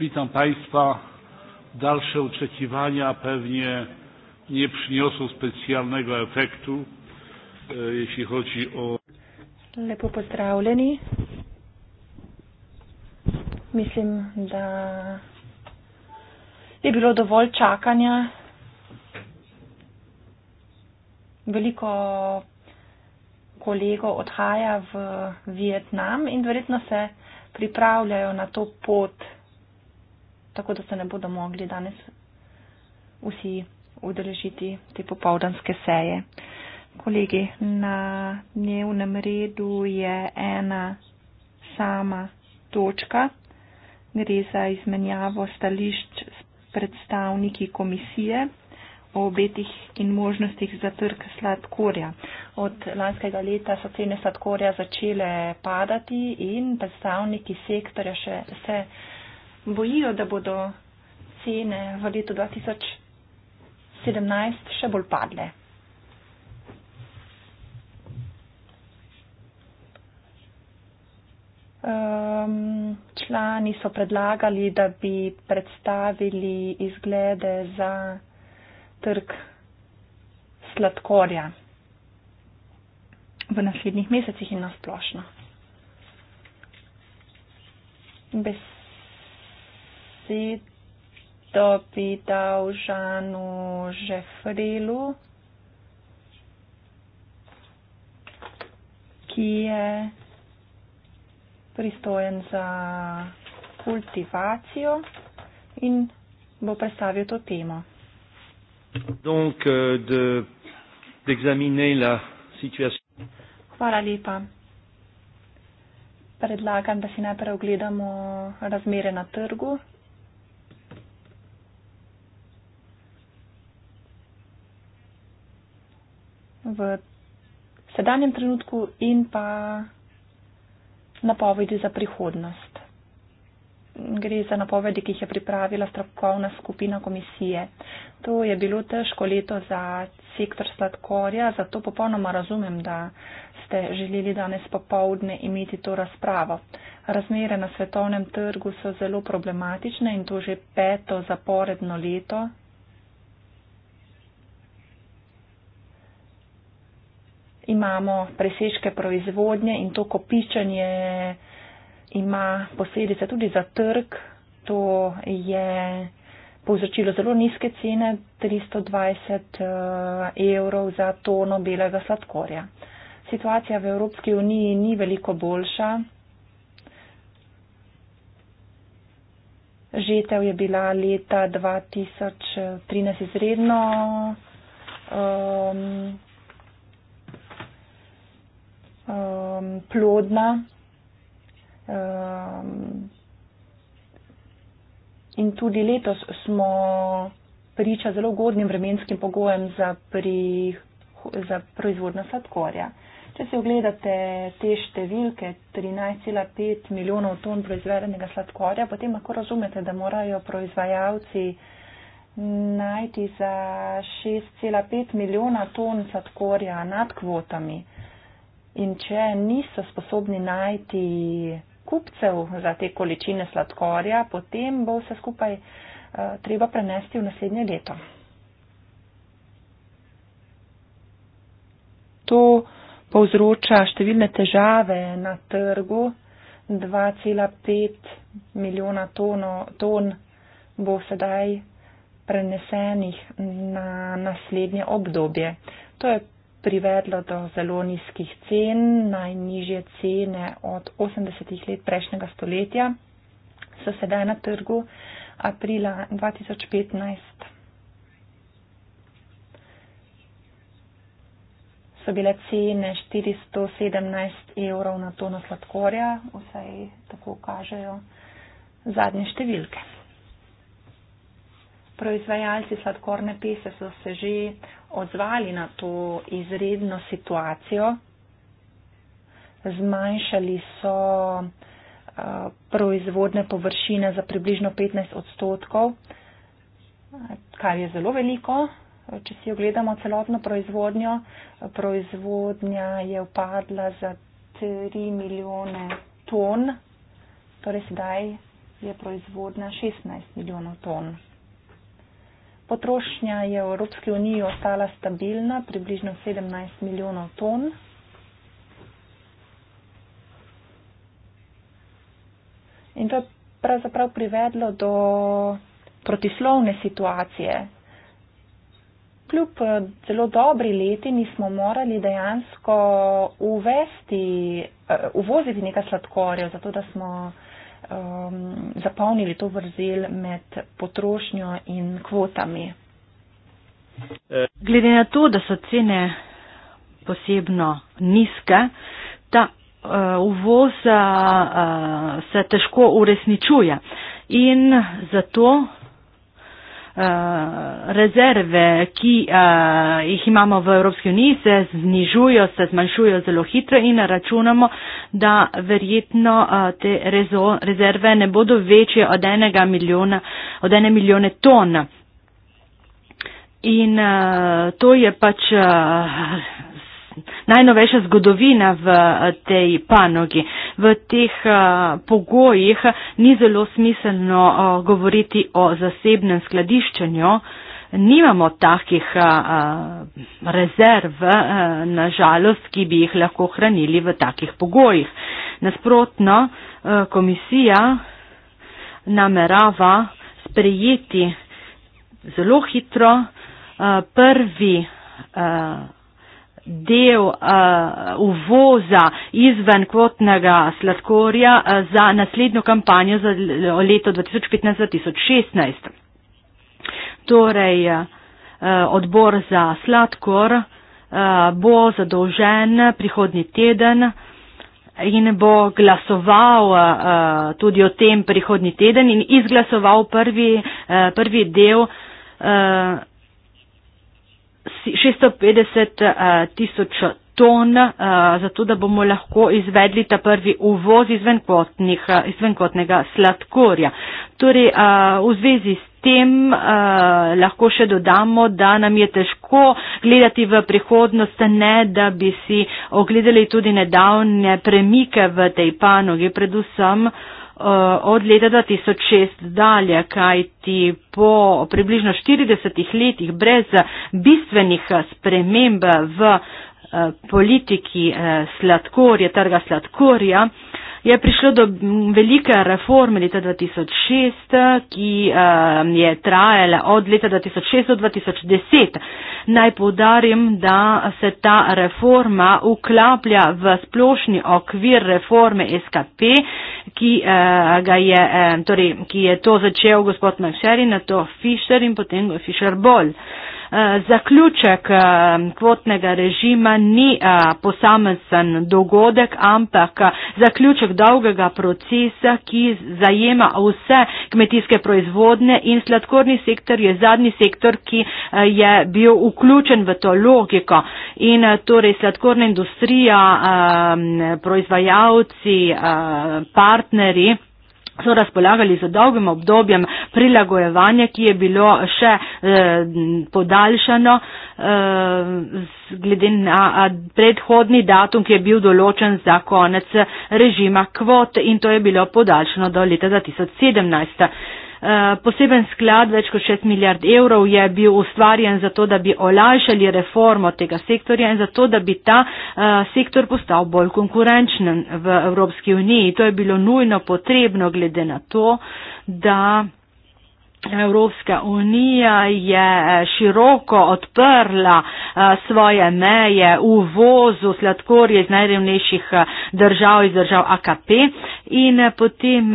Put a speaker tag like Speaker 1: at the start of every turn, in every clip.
Speaker 1: Witam Państwa. Dalsze oczekiwania pewnie nie przyniosą specjalnego efektu, e, jeśli chodzi o.
Speaker 2: Lepo pozdravljeni. Mislim, da je bilo dovolj čakanja. Veliko kolegov odhaja v Vietnam in verjetno se pripravljajo na to pot tako da se ne bodo mogli danes vsi udeležiti te popovdanske seje. Kolegi, na dnevnem redu je ena sama točka. Gre za izmenjavo stališč s predstavniki komisije o obetih in možnostih za trg sladkorja. Od lanskega leta so cene sladkorja začele padati in predstavniki sektorja še se bojijo, da bodo cene v letu
Speaker 1: 2017
Speaker 2: še bolj padle. Um, člani so predlagali, da bi predstavili izglede za trg sladkorja v naslednjih mesecih in nasplošno. Bes Sito pitao Janu Jefrilu, ki je pristojen za kultivacijo in bo predstavil to temo.
Speaker 1: Donc, euh, de, la situation.
Speaker 2: Hvala lepa. Predlagam, da si najprej ogledamo razmere na trgu v sedanjem trenutku in pa napovedi za prihodnost. Gre za napovedi, ki jih je pripravila strokovna skupina komisije. To je bilo težko leto za sektor sladkorja, zato popolnoma razumem, da ste želeli danes popovdne imeti to razpravo. Razmere na svetovnem trgu so zelo problematične in to že peto zaporedno leto, imamo presežke proizvodnje in to kopičanje ima posledice tudi za trg. To je povzročilo zelo nizke cene, 320 eh, evrov za tono belega sladkorja. Situacija v Evropski uniji ni veliko boljša. Žetev je bila leta 2013 izredno um, um, plodna um, in tudi letos smo priča zelo ugodnim vremenskim pogojem za, pri, za proizvodno sladkorja. Če se ogledate te številke 13,5 milijonov ton proizvedenega sladkorja, potem lahko razumete, da morajo proizvajalci najti za 6,5 milijona ton sladkorja nad kvotami. In če niso sposobni najti kupcev za te količine sladkorja, potem bo vse skupaj eh, treba prenesti v naslednje leto. To povzroča številne težave na trgu. 2,5 milijona tono, ton bo sedaj prenesenih na naslednje obdobje. To je privedlo do zelo nizkih cen, najnižje cene od 80. let prejšnjega stoletja, so sedaj na trgu aprila 2015. So bile cene 417 evrov na tono sladkorja, vsaj tako kažejo zadnje številke. Proizvajalci sladkorne pise so se že odzvali na to izredno situacijo. Zmanjšali so eh, proizvodne površine za približno 15 odstotkov, kar je zelo veliko. Če si ogledamo celotno proizvodnjo, proizvodnja je upadla za 3 milijone ton, torej sedaj je proizvodnja 16 milijonov ton. Potrošnja je v Evropski uniji ostala stabilna, približno 17 milijonov ton. In to je pravzaprav privedlo do protislovne situacije. Kljub eh, zelo dobri leti nismo morali dejansko uvesti, eh, uvoziti nekaj sladkorja, zato da smo um, zapolnili to vrzel med potrošnjo in kvotami.
Speaker 3: Glede na to, da so cene posebno nizke, ta uh, uvoz uh, se težko uresničuje. In zato Eh, rezerve, ki uh, jih imamo v Evropski uniji, se znižujo, se zmanjšujo zelo hitro in računamo, da verjetno uh, te rezo, rezerve ne bodo večje od enega milijona, od ene milijone ton. In uh, to je pač. Uh, najnovejša zgodovina v eh, tej panogi. V teh eh, pogojih ni zelo smiselno eh, govoriti o zasebnem skladiščenju. Nimamo takih rezerv, na žalost, ki bi jih lahko hranili v takih pogojih. Nasprotno, komisija namerava sprejeti zelo hitro prvi del uh, uvoza izven kvotnega sladkorja uh, za naslednjo kampanjo za leto 2015-2016. Torej, uh, odbor za sladkor uh, bo zadolžen prihodnji teden in bo glasoval uh, tudi o tem prihodnji teden in izglasoval prvi, uh, prvi del. Uh, 650 eh, tisoč ton, eh, zato da bomo lahko izvedli ta prvi uvoz eh, izvenkotnega sladkorja. Torej, v zvezi s tem lahko še dodamo, da nam je težko gledati v prihodnost, ne da bi si ogledali tudi nedavne premike v tej panogi, predvsem. Eh, od leta 2006 dalje, kajti po približno 40 letih brez bistvenih sprememb v eh, politiki eh, sladkorja, trga sladkorja, je prišlo do velike reforme leta 2006, ki um, je trajala od leta 2006 do 2010. Naj povdarim, da se ta reforma uklaplja v splošni okvir reforme SKP, ki, uh, je, um, torej, ki je to začel gospod Mašerin, na to Fischer in potem Fischer Boll. Eh, zaključek eh, kvotnega režima ni eh, posamezen dogodek, ampak zaključek dolgega procesa, ki zajema vse kmetijske proizvodne in sladkorni sektor je zadnji sektor, ki je bil vključen v to logiko. In torej sladkorna industrija, proizvajalci, partneri, so razpolagali z dolgim obdobjem prilagojevanja, ki je bilo še eh, podaljšano eh, glede na predhodni datum, ki je bil določen za konec režima kvot in to je bilo podaljšano do leta 2017. Eh, poseben sklad, več kot 6 milijard evrov, je bil ustvarjen zato, da bi olajšali reformo tega sektorja in zato, da bi ta eh, sektor postal bolj konkurenčen v Evropski uniji. To je bilo nujno potrebno glede na to, da Evropska unija je eh, široko odprla eh, svoje meje v vozu sladkorje iz najrevnejših eh, držav, iz držav AKP in potem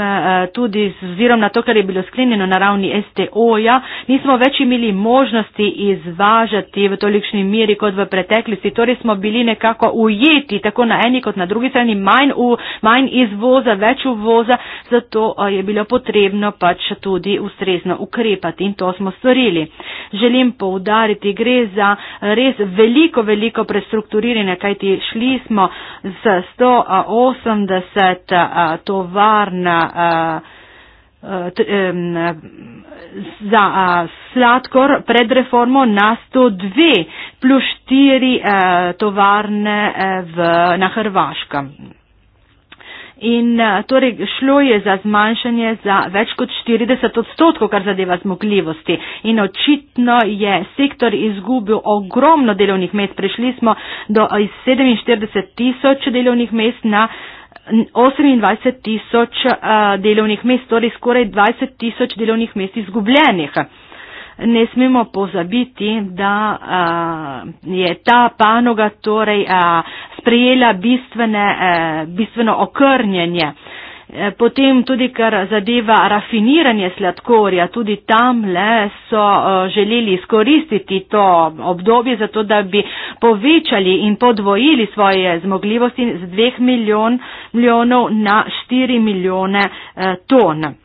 Speaker 3: tudi z zirom na to, kar je bilo sklenjeno na ravni STO-ja, nismo več imeli možnosti izvažati v tolikšni miri kot v preteklosti, torej smo bili nekako ujeti tako na eni kot na drugi strani, manj, v, manj izvoza, več uvoza, zato je bilo potrebno pač tudi ustrezno ukrepati in to smo storili. Želim poudariti, gre za res veliko, veliko prestrukturiranje, kajti šli smo z 180 tovarn za sladkor pred reformo na 102 plus 4 tovarne e, v, na Hrvaškem in eh, torej šlo je za zmanjšanje za več kot 40 odstotkov, kar zadeva zmogljivosti. In očitno je sektor izgubil ogromno delovnih mest. Prišli smo do 47 eh, tisoč delovnih mest na 28 tisoč eh, delovnih mest, torej skoraj 20 tisoč delovnih mest izgubljenih ne smemo pozabiti, da je ta panoga torej sprejela bistveno okrnjenje. E, potem tudi, kar zadeva rafiniranje sladkorja, tudi tam le so želeli izkoristiti to obdobje, zato da bi povečali in podvojili svoje zmogljivosti z 2 milijon, milijonov na 4 milijone e, ton.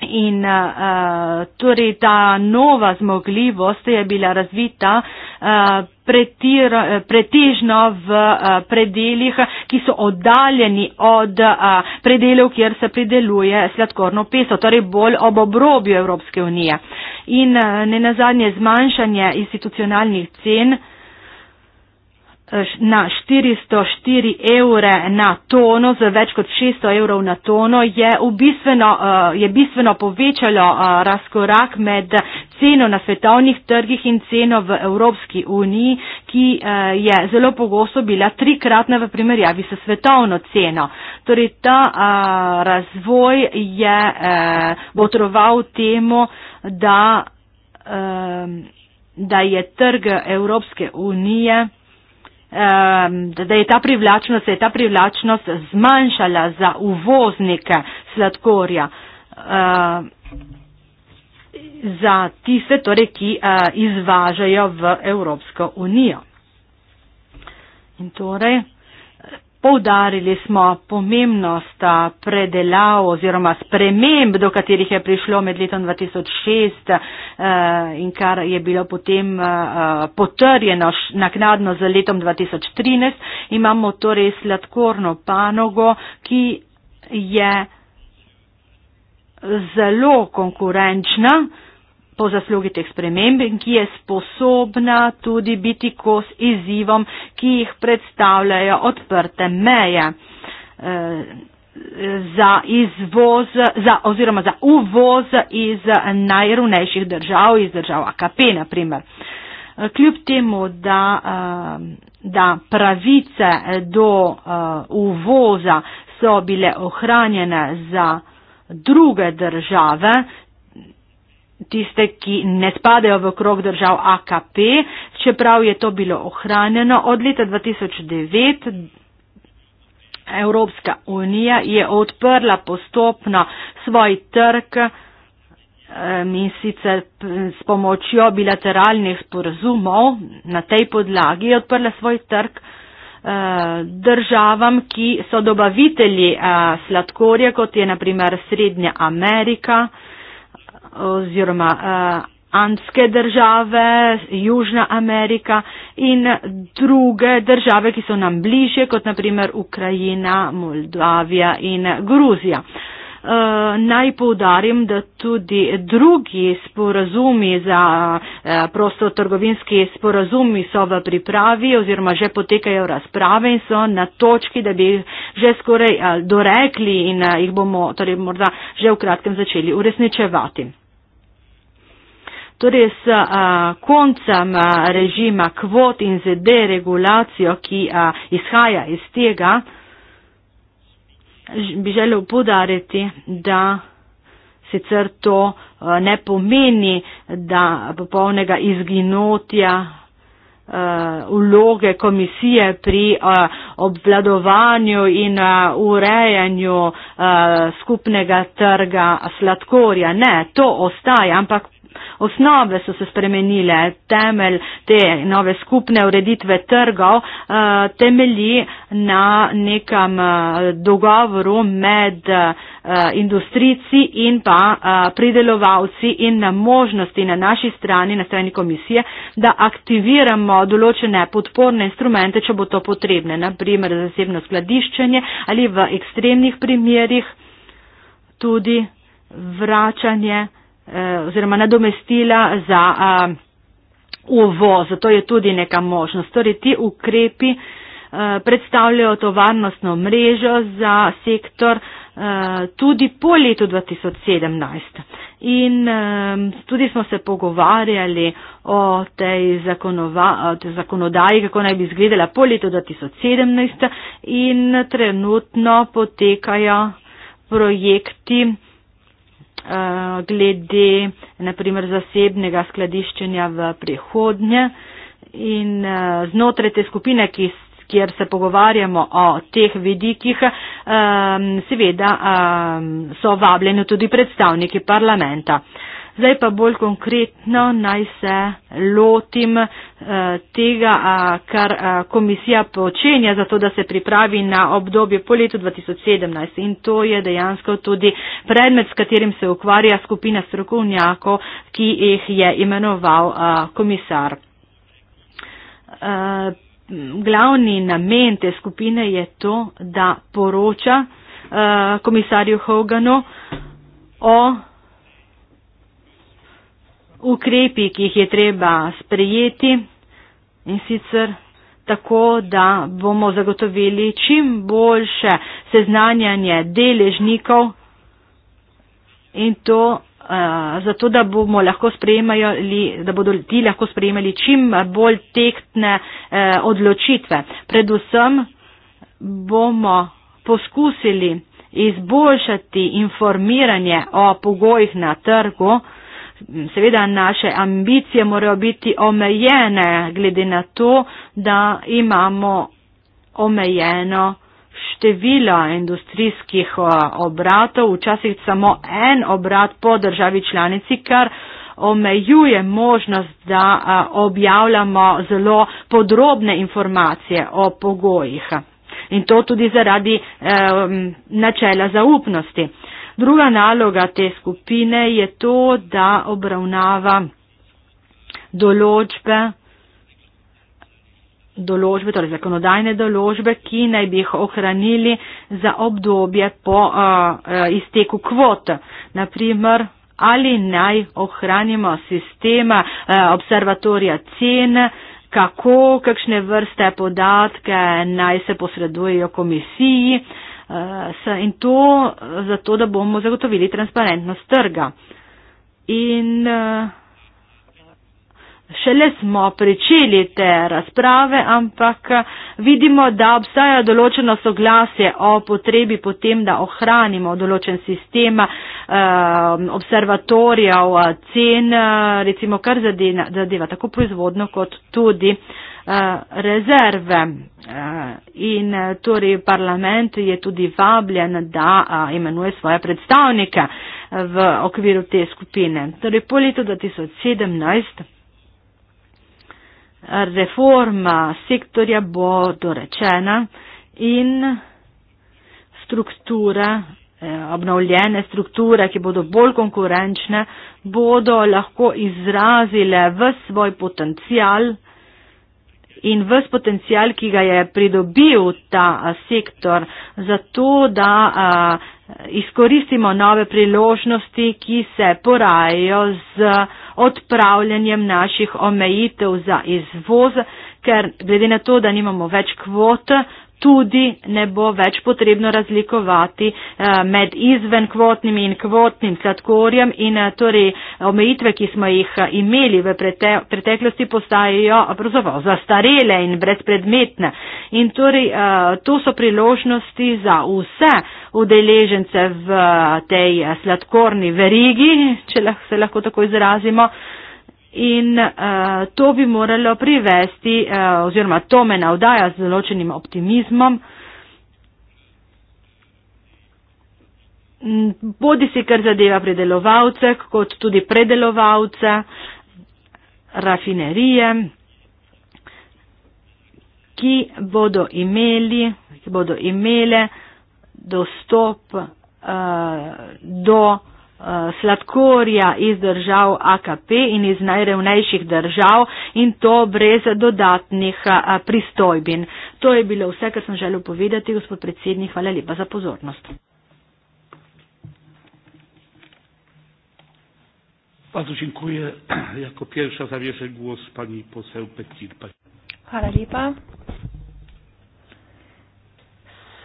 Speaker 3: In uh, torej ta nova zmogljivost je bila razvita uh, pretir, pretežno v uh, eh, predeljih, ki so oddaljeni od uh, predeljev, kjer se prideluje sladkorno peso, torej bolj ob obrobju Evropske unije. In uh, ne nazadnje zmanjšanje institucionalnih cen uh, Eh, na 404 evre na tono, z več kot 600 evrov na tono, je, bistveno, eh, je bistveno povečalo eh, razkorak med ceno na svetovnih trgih in ceno v Evropski uniji, ki je zelo pogosto bila trikratna v primerjavi s svetovno ceno. Torej ta razvoj je botroval temu, da, da je trg Evropske unije da je ta privlačnost, je ta privlačnost zmanjšala za uvoznike sladkorja. Za tiste, torej, ki uh, izvažajo v Evropsko unijo. In torej. Poudarili smo pomembnost predelav oziroma sprememb, do katerih je prišlo med letom 2006 e, in kar je bilo potem e, e, potrjeno naknadno z letom 2013. Imamo torej sladkorno panogo, ki je zelo konkurenčna po zaslugi teh sprememb in ki je sposobna tudi biti kos izzivom, ki jih predstavljajo odprte meje eh, za izvoz za, oziroma za uvoz iz najrunejših držav, iz držav AKP na primer. Eh, kljub temu, da, eh, da pravice do uvoza so bile ohranjene za druge države, tiste, ki ne spadajo v krog držav AKP, čeprav je to bilo ohranjeno od leta 2009. Evropska unija je odprla postopno svoj trg in sicer s pomočjo bilateralnih sporazumov na tej podlagi je odprla svoj trg eh, državam, ki so dobavitelji eh, sladkorja, kot je naprimer Srednja Amerika, oziroma uh, eh, antske države, Južna Amerika in druge države, ki so nam bliže, kot naprimer Ukrajina, Moldavija in Gruzija. Uh, naj poudarim, da tudi drugi sporazumi za uh, eh, prosto trgovinski sporazumi so v pripravi oziroma že potekajo razprave in so na točki, da bi že skoraj uh, dorekli in uh, jih bomo torej morda že v kratkem začeli uresničevati. Torej, s a, koncem a, režima kvot in z deregulacijo, ki a, izhaja iz tega, bi želel podariti, da sicer to a, ne pomeni, da popolnega izginotja vloge komisije pri obvladovanju in urejanju skupnega trga sladkorja. Ne, to ostaje, ampak osnove so se spremenile, temelj te nove skupne ureditve trgov eh, temelji na nekem eh, dogovoru med eh, industrici in pa pridelovalci in na možnosti na naši strani, na strani komisije, da aktiviramo določene podporne instrumente, če bo to potrebne, naprimer zasebno skladiščenje ali v ekstremnih primerjih tudi vračanje. Eh, oziroma nadomestila za eh, uvoz. To je tudi neka možnost. Torej, ti ukrepi eh, predstavljajo to varnostno mrežo za sektor tudi po letu 2017. In tudi smo se pogovarjali o tej zakonodaji, kako naj bi izgledala po letu 2017 in trenutno potekajo projekti Eh, glede naprimer zasebnega skladiščenja v prihodnje in eh, znotraj te skupine, ki, kjer se pogovarjamo o teh vidikih, eh, seveda so vabljeni tudi predstavniki parlamenta. Zdaj pa bolj konkretno naj se lotim eh, tega, kar komisija počenja za to, da se pripravi na obdobje po letu 2017. In to je dejansko tudi predmet, s katerim se ukvarja skupina strokovnjakov, ki jih je imenoval komisar. Eh, glavni namen te skupine je to, da poroča eh, komisarju Hoganu o ukrepi, ki jih je treba sprejeti in sicer tako, da bomo zagotovili čim boljše seznanjanje deležnikov in to uh, zato, da, bomo lahko da bodo ti lahko sprejemali čim bolj tehtne uh, odločitve. Predvsem bomo poskusili izboljšati informiranje o pogojih na trgu, Seveda naše ambicije morajo biti omejene glede na to, da imamo omejeno število industrijskih obratov, včasih samo en obrat po državi članici, kar omejuje možnost, da objavljamo zelo podrobne informacije o pogojih. In to tudi zaradi eh, načela zaupnosti. Druga naloga te skupine je to, da obravnava določbe, določbe, torej zakonodajne določbe, ki naj bi jih ohranili za obdobje po uh, izteku kvot. Naprimer, ali naj ohranimo sistema uh, eh, observatorija cen, kako, kakšne vrste podatke naj se posredujejo komisiji, uh, uh, in to eh, zato, da bomo zagotovili transparentnost trga. In uh, šele smo pričeli te razprave, ampak vidimo, da obstaja določeno soglasje o potrebi potem, da ohranimo določen sistem uh, observatorijev, cen, recimo kar zadeva, zadeva tako proizvodno kot tudi uh, Eh, rezerve eh, in eh, torej parlament je tudi vabljen, da imenuje svoje predstavnike v okviru te skupine. Torej po letu 2017 reforma sektorja bo dorečena in struktura, obnovljene strukture, ki bodo bolj konkurenčne, bodo lahko izrazile v svoj potencial, in vse potencijal, ki ga je pridobil ta sektor, zato da a, izkoristimo nove priložnosti, ki se porajajo z odpravljanjem naših omejitev za izvoz, ker glede na to, da nimamo več kvot, tudi ne bo več potrebno razlikovati eh, med izvenkvotnim in kvotnim sladkorjem in eh, torej omejitve, ki smo jih eh, imeli v preteklosti, postajajo pravzaprav zastarele in brezpredmetne. In torej to so priložnosti za vse udeležence v tej sladkorni verigi, če se lahko tako izrazimo in uh, to bi moralo privesti uh, oziroma to me navdaja z določenim optimizmom. Mm, Bodi si kar zadeva predelovalce, kot tudi predelovalce, rafinerije, ki bodo imeli, ki bodo imele dostop uh, do Eh, sladkorja iz držav AKP in iz najrevnejših držav in to brez dodatnih eh, pristojbin. To je bilo vse, kar sem želel povedati, gospod predsednik. Hvala lepa za pozornost.
Speaker 1: Bardzo dziękuję. Jako pierwsza zabierze głos pani poseł Petir.
Speaker 2: Hvala lepa.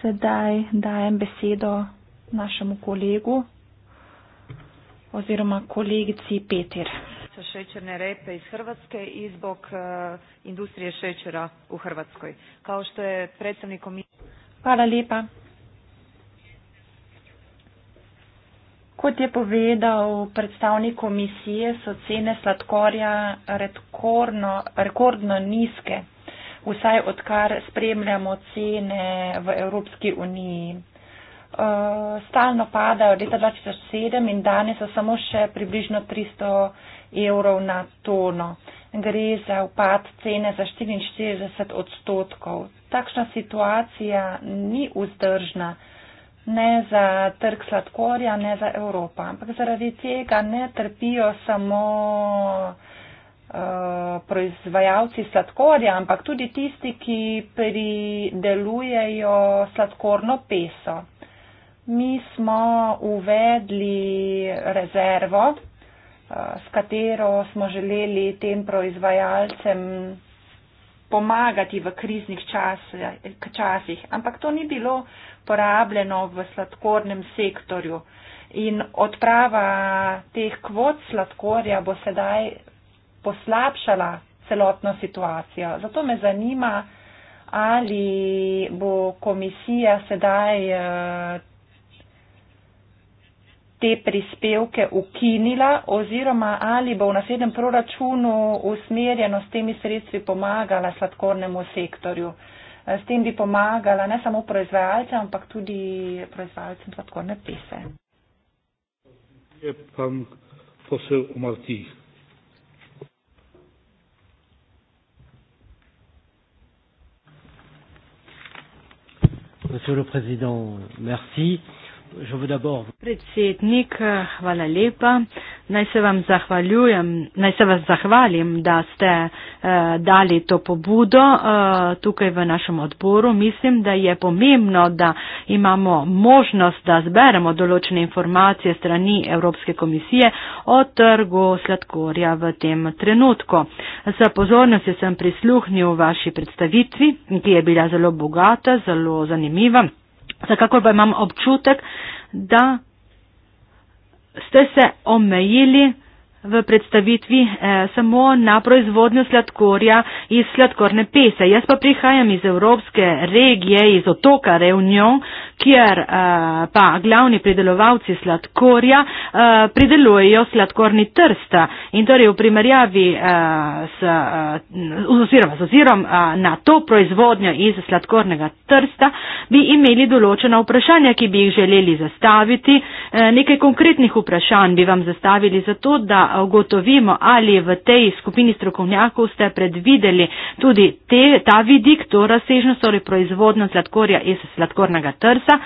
Speaker 2: Sedaj dajem besedo našemu kolegu, oziroma kolegici Petir. Šećerne repe iz Hrvatske i zbog eh, industrije šećera u Hrvatskoj. Kao što je predstavnik komisije... Hvala lepa. Kot je povedal predstavnik komisije, so cene sladkorja rekordno, rekordno nizke, vsaj odkar spremljamo cene v Evropski uniji uh, stalno padajo. Leta 2007 in danes so samo še približno 300 evrov na tono. Gre za upad cene za 44 odstotkov. Takšna situacija ni vzdržna. Ne za trg sladkorja, ne za Evropo. Ampak zaradi tega ne trpijo samo uh, proizvajalci sladkorja, ampak tudi tisti, ki pridelujejo sladkorno peso mi smo uvedli rezervo, eh, s katero smo želeli tem proizvajalcem pomagati v kriznih čas, časih, ampak to ni bilo porabljeno v sladkornem sektorju. In odprava teh kvot sladkorja bo sedaj poslabšala celotno situacijo. Zato me zanima, ali bo komisija sedaj eh, te prispevke ukinila oziroma ali bo v naslednjem proračunu usmerjeno s temi sredstvi pomagala sladkornemu sektorju. S tem bi pomagala ne samo proizvajalcem, ampak tudi proizvajalcem sladkorne pise.
Speaker 1: Monsieur le Président, merci. Euh,
Speaker 3: Predsednik, hvala lepa. Naj se vam zahvaljujem, naj se vas zahvalim, da ste eh, dali to pobudo eh, tukaj v našem odboru. Mislim, da je pomembno, da imamo možnost, da zberemo določene informacije strani Evropske komisije o trgu sladkorja v tem trenutku. Za pozornost sem prisluhnil vaši predstavitvi, ki je bila zelo bogata, zelo zanimiva. Vsekakor pa imam občutek, da ste se omejili v predstavitvi eh, samo na proizvodnjo sladkorja iz sladkorne pese. Jaz pa prihajam iz Evropske regije, iz otoka Reunion, kjer eh, pa glavni pridelovalci sladkorja eh, pridelujejo sladkorni trsta. In torej v primerjavi eh, s, eh, oziroma, s ozirom eh, na to proizvodnjo iz sladkornega trsta bi imeli določena vprašanja, ki bi jih želeli zastaviti. Eh, nekaj konkretnih vprašanj bi vam zastavili zato, da ugotovimo, ali v tej skupini strokovnjakov ste predvideli tudi te, ta vidik, to razsežnost, torej proizvodno sladkorja iz sladkornega trsa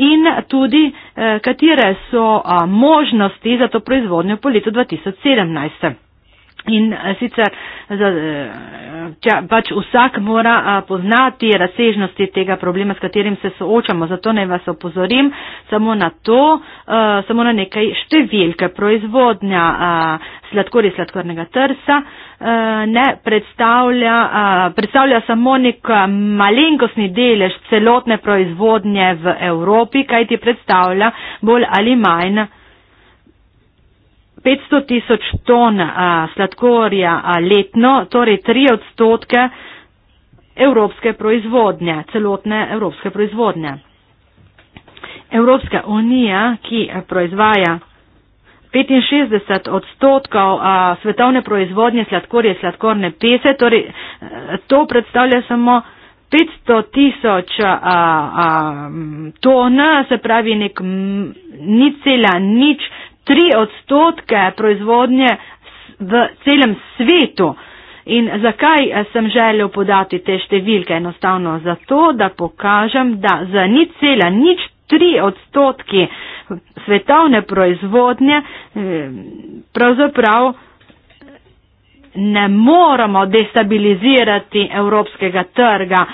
Speaker 3: in tudi eh, katere so eh, možnosti za to proizvodnjo po letu 2017. In eh, sicer če eh, pač vsak mora eh, poznati razsežnosti tega problema, s katerim se soočamo, zato naj vas opozorim samo na to, samo na nekaj številke. Proizvodnja sladkorja sladkornega trsa ne predstavlja, predstavlja samo nek malenkostni delež celotne proizvodnje v Evropi, kaj ti predstavlja bolj ali manj 500 tisoč ton a, sladkorja a, letno, torej 3 odstotke evropske proizvodnje, celotne evropske proizvodnje. Evropska unija, ki proizvaja 65 odstotkov a, svetovne proizvodnje sladkorje in sladkorne pese, torej a, e, to predstavlja samo 500 tisoč ton, se pravi nek, m, ni cela nič, tri odstotke proizvodnje v celem svetu. In zakaj eh, sem želel podati te številke? Enostavno zato, da pokažem, da za nič cela, nič tri odstotki svetovne proizvodnje eh, pravzaprav ne moramo destabilizirati evropskega trga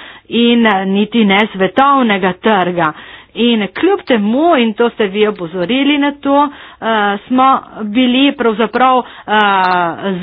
Speaker 3: in eh, niti ne svetovnega trga. In kljub temu, in to ste vi opozorili na to, uh, smo bili pravzaprav uh,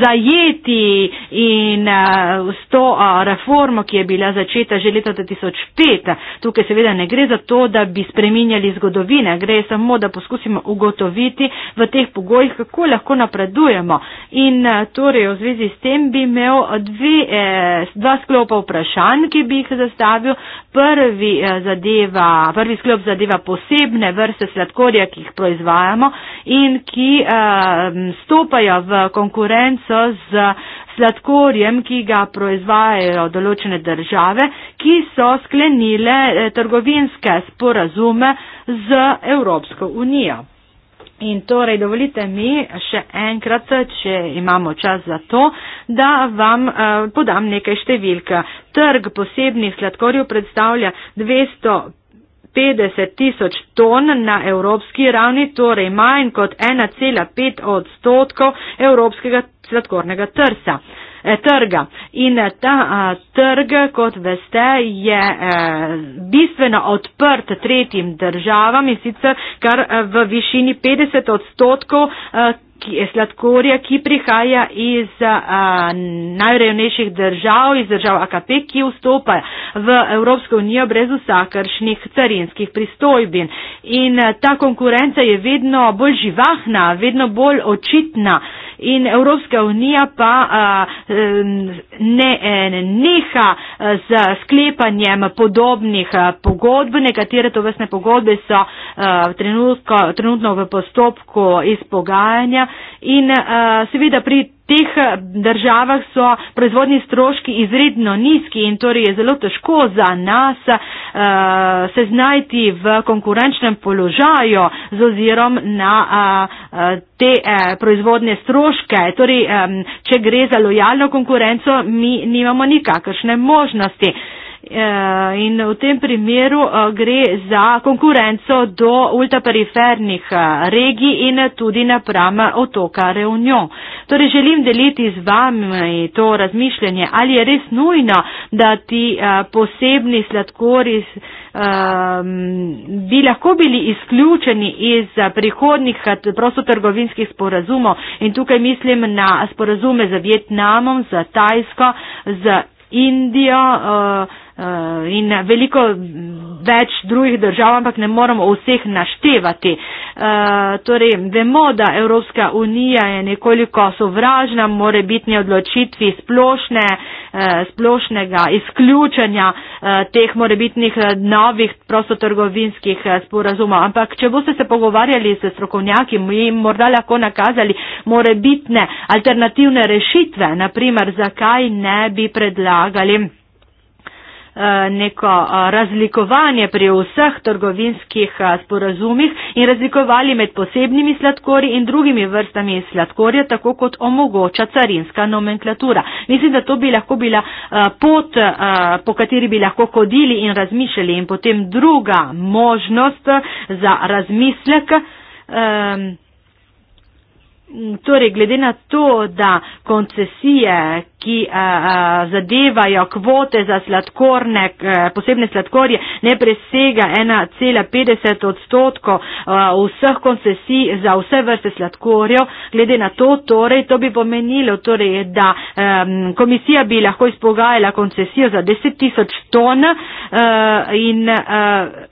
Speaker 3: zajeti in uh, s to uh, reformo, ki je bila začeta že leta 2005. Tukaj seveda ne gre za to, da bi spreminjali zgodovine, gre samo, da poskusimo ugotoviti v teh pogojih, kako lahko napredujemo. In uh, torej v zvezi s tem bi imel dve, eh, dva sklopa vprašanj, ki bi jih zastavil. Prvi, eh, zadeva, prvi sklop kot zadeva posebne vrste sladkorja, ki jih proizvajamo in ki uh, stopajo v konkurenco z sladkorjem, ki ga proizvajajo določene države, ki so sklenile eh, trgovinske sporazume z Evropsko unijo. In torej dovolite mi še enkrat, če imamo čas za to, da vam eh, podam nekaj številka. Trg posebnih sladkorjev predstavlja 200 50 tisoč ton na evropski ravni, torej manj kot 1,5 odstotkov evropskega sladkornega trsa. Eh, trga. In eh, ta a, eh, trg, kot veste, je e, bistveno odprt tretjim državam in sicer kar v višini 50 odstotkov. E, ki je sladkorja, ki prihaja iz najrevnejših držav, iz držav AKP, ki vstopa v Evropsko unijo brez vsakršnih carinskih pristojbin. In ta konkurenca je vedno bolj živahna, vedno bolj očitna in Evropska unija pa e, ne, neha z sklepanjem podobnih pogodb. Nekatere to vrstne pogodbe so trenutno v postopku izpogajanja in seveda pri teh eh, državah so proizvodni stroški izredno nizki in torej je zelo težko za nas eh, se znajti v konkurenčnem položaju z ozirom na eh, te proizvodne stroške. Torej, če gre za lojalno konkurenco, mi nimamo nikakršne možnosti. Eh, in v tem primeru eh, gre za konkurenco do ultrapernih eh, regij in tudi napram otoka Reunijo. Torej želim deliti z vami to razmišljanje, ali je res nujno, da ti posebni sladkori ehm, bi lahko bili izključeni iz prihodnih prostotrgovinskih sporazumov in tukaj mislim na sporazume z Vietnamom, z Tajsko, z Indijo. Uh, Eh, in veliko več drugih držav, ampak ne moramo vseh naštevati. Eh, torej, vemo, da Evropska unija je nekoliko sovražna, more biti odločitvi splošne, eh, splošnega izključanja teh morebitnih novih prostotrgovinskih sporazumov. Ampak, če boste se pogovarjali s strokovnjaki, jim morda lahko nakazali morebitne alternativne rešitve, naprimer, zakaj ne bi predlagali. Eh, neko eh, razlikovanje pri vseh trgovinskih eh, sporazumih in razlikovali med posebnimi sladkori in drugimi vrstami sladkorja, tako kot omogoča carinska nomenklatura. Mislim, da to bi lahko bila pot, po kateri bi lahko hodili in razmišljali in potem druga možnost za razmislek. 嗯。Um Mm, torej, glede na to, da koncesije, ki a, a, zadevajo kvote za sladkorne, a, posebne sladkorje, ne presega 1,50 odstotkov vseh koncesij za vse vrste sladkorjev, glede na to, torej, to bi pomenilo, torej, da a, komisija bi lahko izpogajala koncesijo za 10 tisoč ton a, e, in. A, e,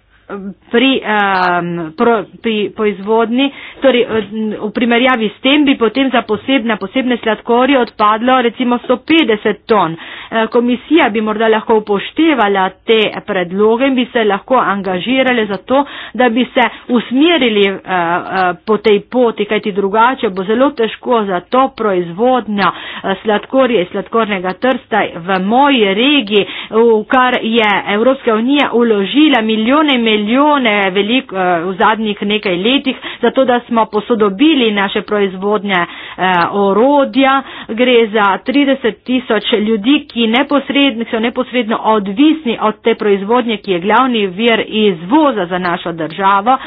Speaker 3: pri, um, pro, pri proizvodni, torej eh, v primerjavi s tem bi potem za posebne, posebne sladkorje odpadlo recimo 150 ton. Eh, komisija bi morda lahko upoštevala te predloge in bi se lahko angažirali za to, da bi se usmerili uh, uh, po tej poti, kajti drugače bo zelo težko za to proizvodnjo sladkorje iz sladkornega trsta v moji regiji, v kar je Evropska unija uložila milijone in milijone milijone velik, eh, v zadnjih nekaj letih, zato da smo posodobili naše proizvodnje eh, orodja. Gre za 30 tisoč ljudi, ki neposredn, so neposredno odvisni od te proizvodnje, ki je glavni vir izvoza za našo državo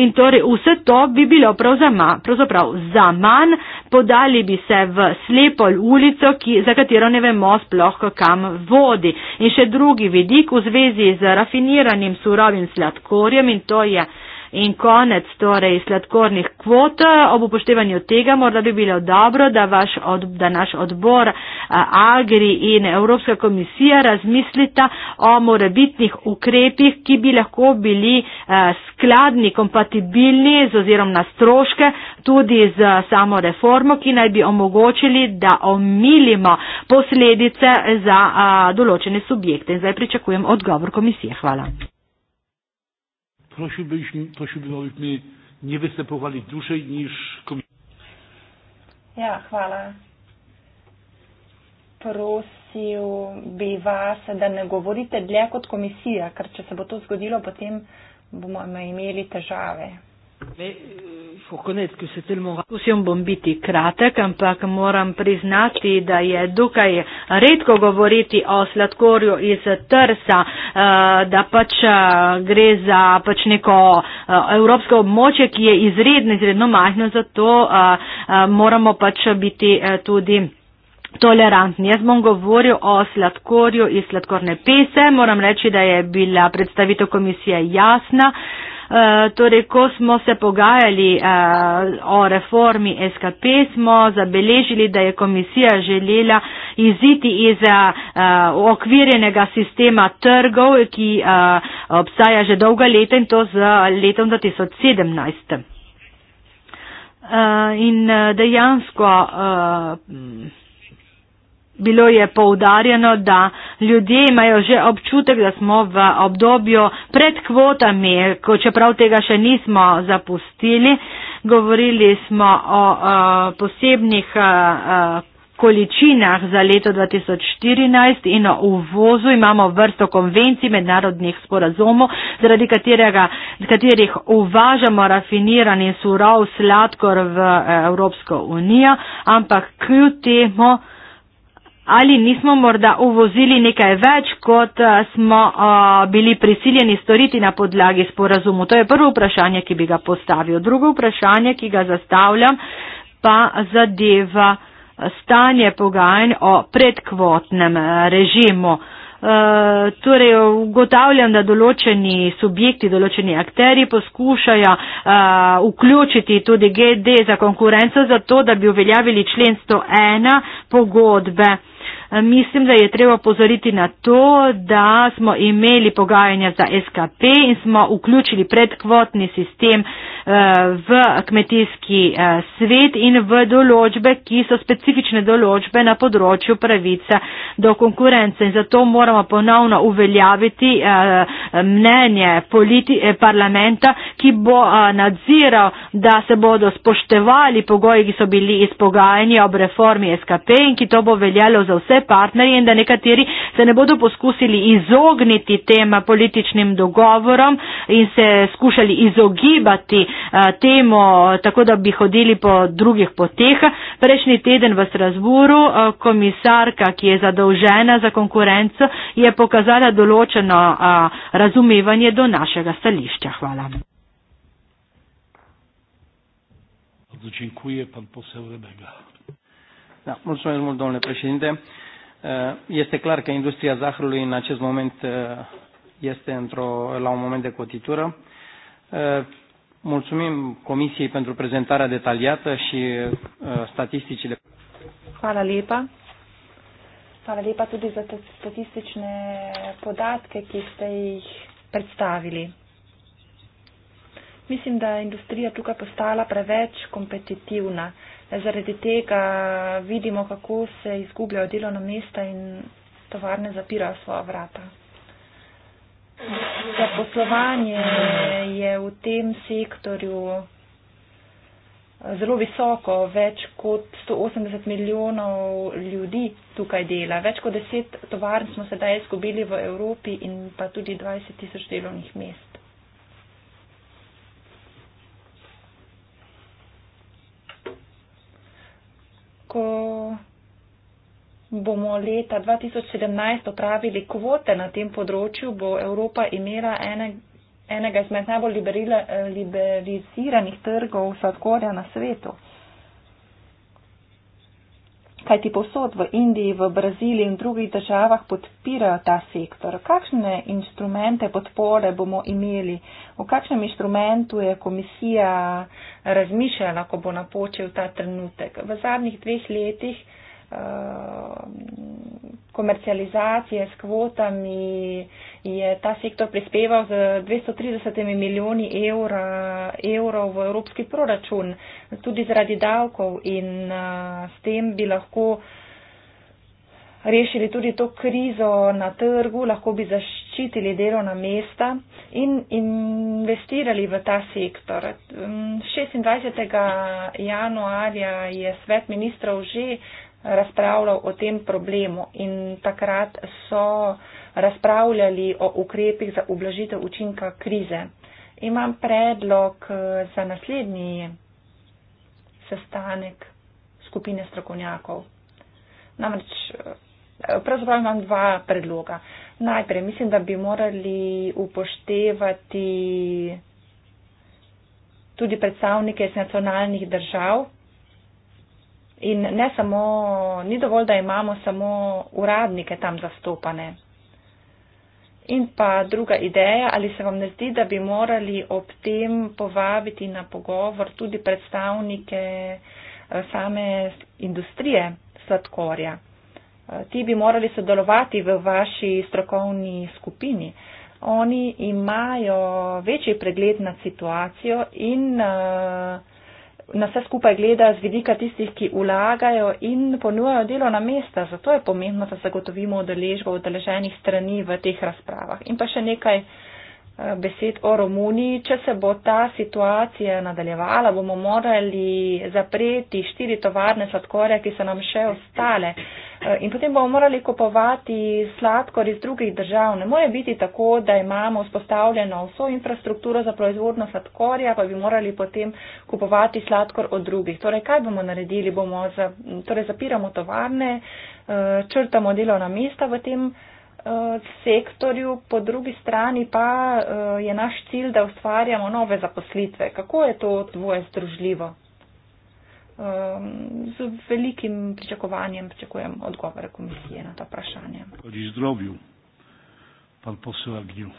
Speaker 3: in torej vse to bi bilo pravzaprav za manj, podali bi se v slepo ulico, ki, za katero ne vemo sploh kam vodi. In še drugi vidik v zvezi z rafiniranim surovim sladkorjem in to je in konec torej sladkornih kvot. Ob upoštevanju tega morda bi bilo dobro, da, vaš od, da naš odbor Agri in Evropska komisija razmislita o morebitnih ukrepih, ki bi lahko bili skladni, kompatibilni z ozirom na stroške, tudi z samo reformo, ki naj bi omogočili, da omilimo posledice za določene subjekte. Zdaj pričakujem odgovor komisije. Hvala
Speaker 1: prosiłbym, prosiłbym abyśmy nie występowali dłużej niż komisja.
Speaker 2: Ja, chwala. Prosil bi vas, da ne govorite dlje kot komisija, ker če se bo to zgodilo, potem bomo imeli težave.
Speaker 1: Euh,
Speaker 3: Poskusim bom biti kratek, ampak moram priznati, da je dokaj redko govoriti o sladkorju iz trsa, eh, da pač eh, gre za pač neko eh, evropsko območje, ki je izredno, izredno majhno, zato moramo pač biti tudi. Tolerantni. Jaz bom govoril o sladkorju iz sladkorne pese. Moram reči, da je bila predstavitev komisije jasna. Uh, Eh, torej ko smo se pogajali eh, o reformi SKP, smo zabeležili, da je komisija želela iziti iz eh, okvirjenega sistema trgov, ki obstaja že dolga leta in to z letom 2017. In dejansko Bilo je poudarjeno, da ljudje imajo že občutek, da smo v obdobju pred kvotami, ko čeprav tega še nismo zapustili. Govorili smo o, o posebnih o, količinah za leto 2014 in o uvozu. Imamo vrsto konvencij mednarodnih sporazumov, zaradi katerih uvažamo rafinirani surov sladkor v e, Evropsko unijo, ampak kljub temu ali nismo morda uvozili nekaj več, kot eh, smo eh, bili prisiljeni storiti na podlagi sporazumu. To je prvo vprašanje, ki bi ga postavil. Drugo vprašanje, ki ga zastavljam, pa zadeva eh, stanje pogajanj o predkvotnem režimu. Torej, ugotavljam, da določeni subjekti, določeni akteri poskušajo vključiti tudi GD za konkurenco, zato da bi uveljavili člen 101 pogodbe. Eh, mislim, da je treba pozoriti na to, da smo imeli pogajanja za SKP in smo vključili predkvotni sistem. Eh, v kmetijski eh, svet in v določbe, ki so specifične določbe na področju pravica do konkurence. In zato moramo ponovno uveljaviti eh, mnenje parlamenta, ki bo nadziral, da se bodo spoštevali pogoji, ki so bili izpogajani ob reformi SKP in ki to bo veljalo za vse partnerje in da nekateri se ne bodo poskusili izogniti tem političnim dogovorom in se skušali izogibati temo, tako da bi hodili po drugih poteh. Prejšnji teden v Strasburu komisarka, ki je zadolžena za konkurenco, je pokazala določeno razumevanje do našega stališča. Hvala.
Speaker 1: Dziękuję pan poseł Rebega. Da, mulțumesc mult, domnule președinte. E, este clar că industria zahărului în acest moment e, este într-o, la un moment de cotitură. E, Mulțumim Comisiei pentru prezentarea detaliată și uh, statisticile.
Speaker 2: Hvala lepa. Hvala lepa tudi za te statistične podatke, ki ste jih predstavili. Mislim, da je industrija tukaj postala preveč kompetitivna. Zaradi tega vidimo, kako se izgubljajo delovno mesta in tovarne zapirajo svoja vrata zaposlovanje je v tem sektorju zelo visoko, več kot 180 milijonov ljudi tukaj dela. Več kot 10 tovarn smo sedaj izgubili v Evropi in pa tudi 20 tisoč delovnih mest. Ko bomo leta 2017 opravili kvote na tem področju, bo Evropa imela ene, enega izmed najbolj liberaliziranih trgov sladkorja na svetu. Kaj ti posod v Indiji, v Braziliji in drugih državah podpirajo ta sektor? Kakšne inštrumente podpore bomo imeli? V kakšnem inštrumentu je komisija razmišljala, ko bo napočil ta trenutek? V zadnjih dveh letih. Eh, komercializacije s kvotami je ta sektor prispeval z 230 milijoni evra, evrov v evropski proračun, tudi zaradi davkov in eh, s tem bi lahko rešili tudi to krizo na trgu, lahko bi zaščitili delovna mesta in investirali v ta sektor. 26. Ehm, januarja je svet ministrov že razpravljal o tem problemu in takrat so razpravljali o ukrepih za ublažitev učinka krize. Imam predlog eh, za naslednji sestanek skupine strokovnjakov. Namreč, eh, pravzaprav imam dva predloga. Najprej mislim, da bi morali upoštevati tudi predstavnike iz nacionalnih držav, In ne samo, ni dovolj, da imamo samo uradnike tam zastopane. In pa druga ideja, ali se vam ne zdi, da bi morali ob tem povabiti na pogovor tudi predstavnike eh, same industrije sladkorja. Eh, ti bi morali sodelovati v vaši strokovni skupini. Oni imajo večji pregled nad situacijo in uh, na vse skupaj gleda z vidika tistih, ki ulagajo in ponujajo delo na mesta. Zato je pomembno, da zagotovimo odeležbo odeleženih strani v teh razpravah. In pa še nekaj. Eh, besed o Romuniji. Če se bo ta situacija nadaljevala, bomo morali zapreti štiri tovarne sladkorja, ki so nam še ostale. Eh, in potem bomo morali kupovati sladkor iz drugih držav. Ne more biti tako, da imamo vzpostavljeno vso infrastrukturo za proizvodno sladkorja, pa bi morali potem kupovati sladkor od drugih. Torej, kaj bomo naredili? Bomo za, torej, zapiramo tovarne, eh, črtamo delovna mesta v tem. Eh, sektorju, po drugi strani pa eh, je naš cilj, da ustvarjamo nove zaposlitve. Kako je to dvoje združljivo? Ehm, z velikim pričakovanjem pričakujem odgovore komisije na to vprašanje.
Speaker 1: Pri zdravju, pa po srbnju.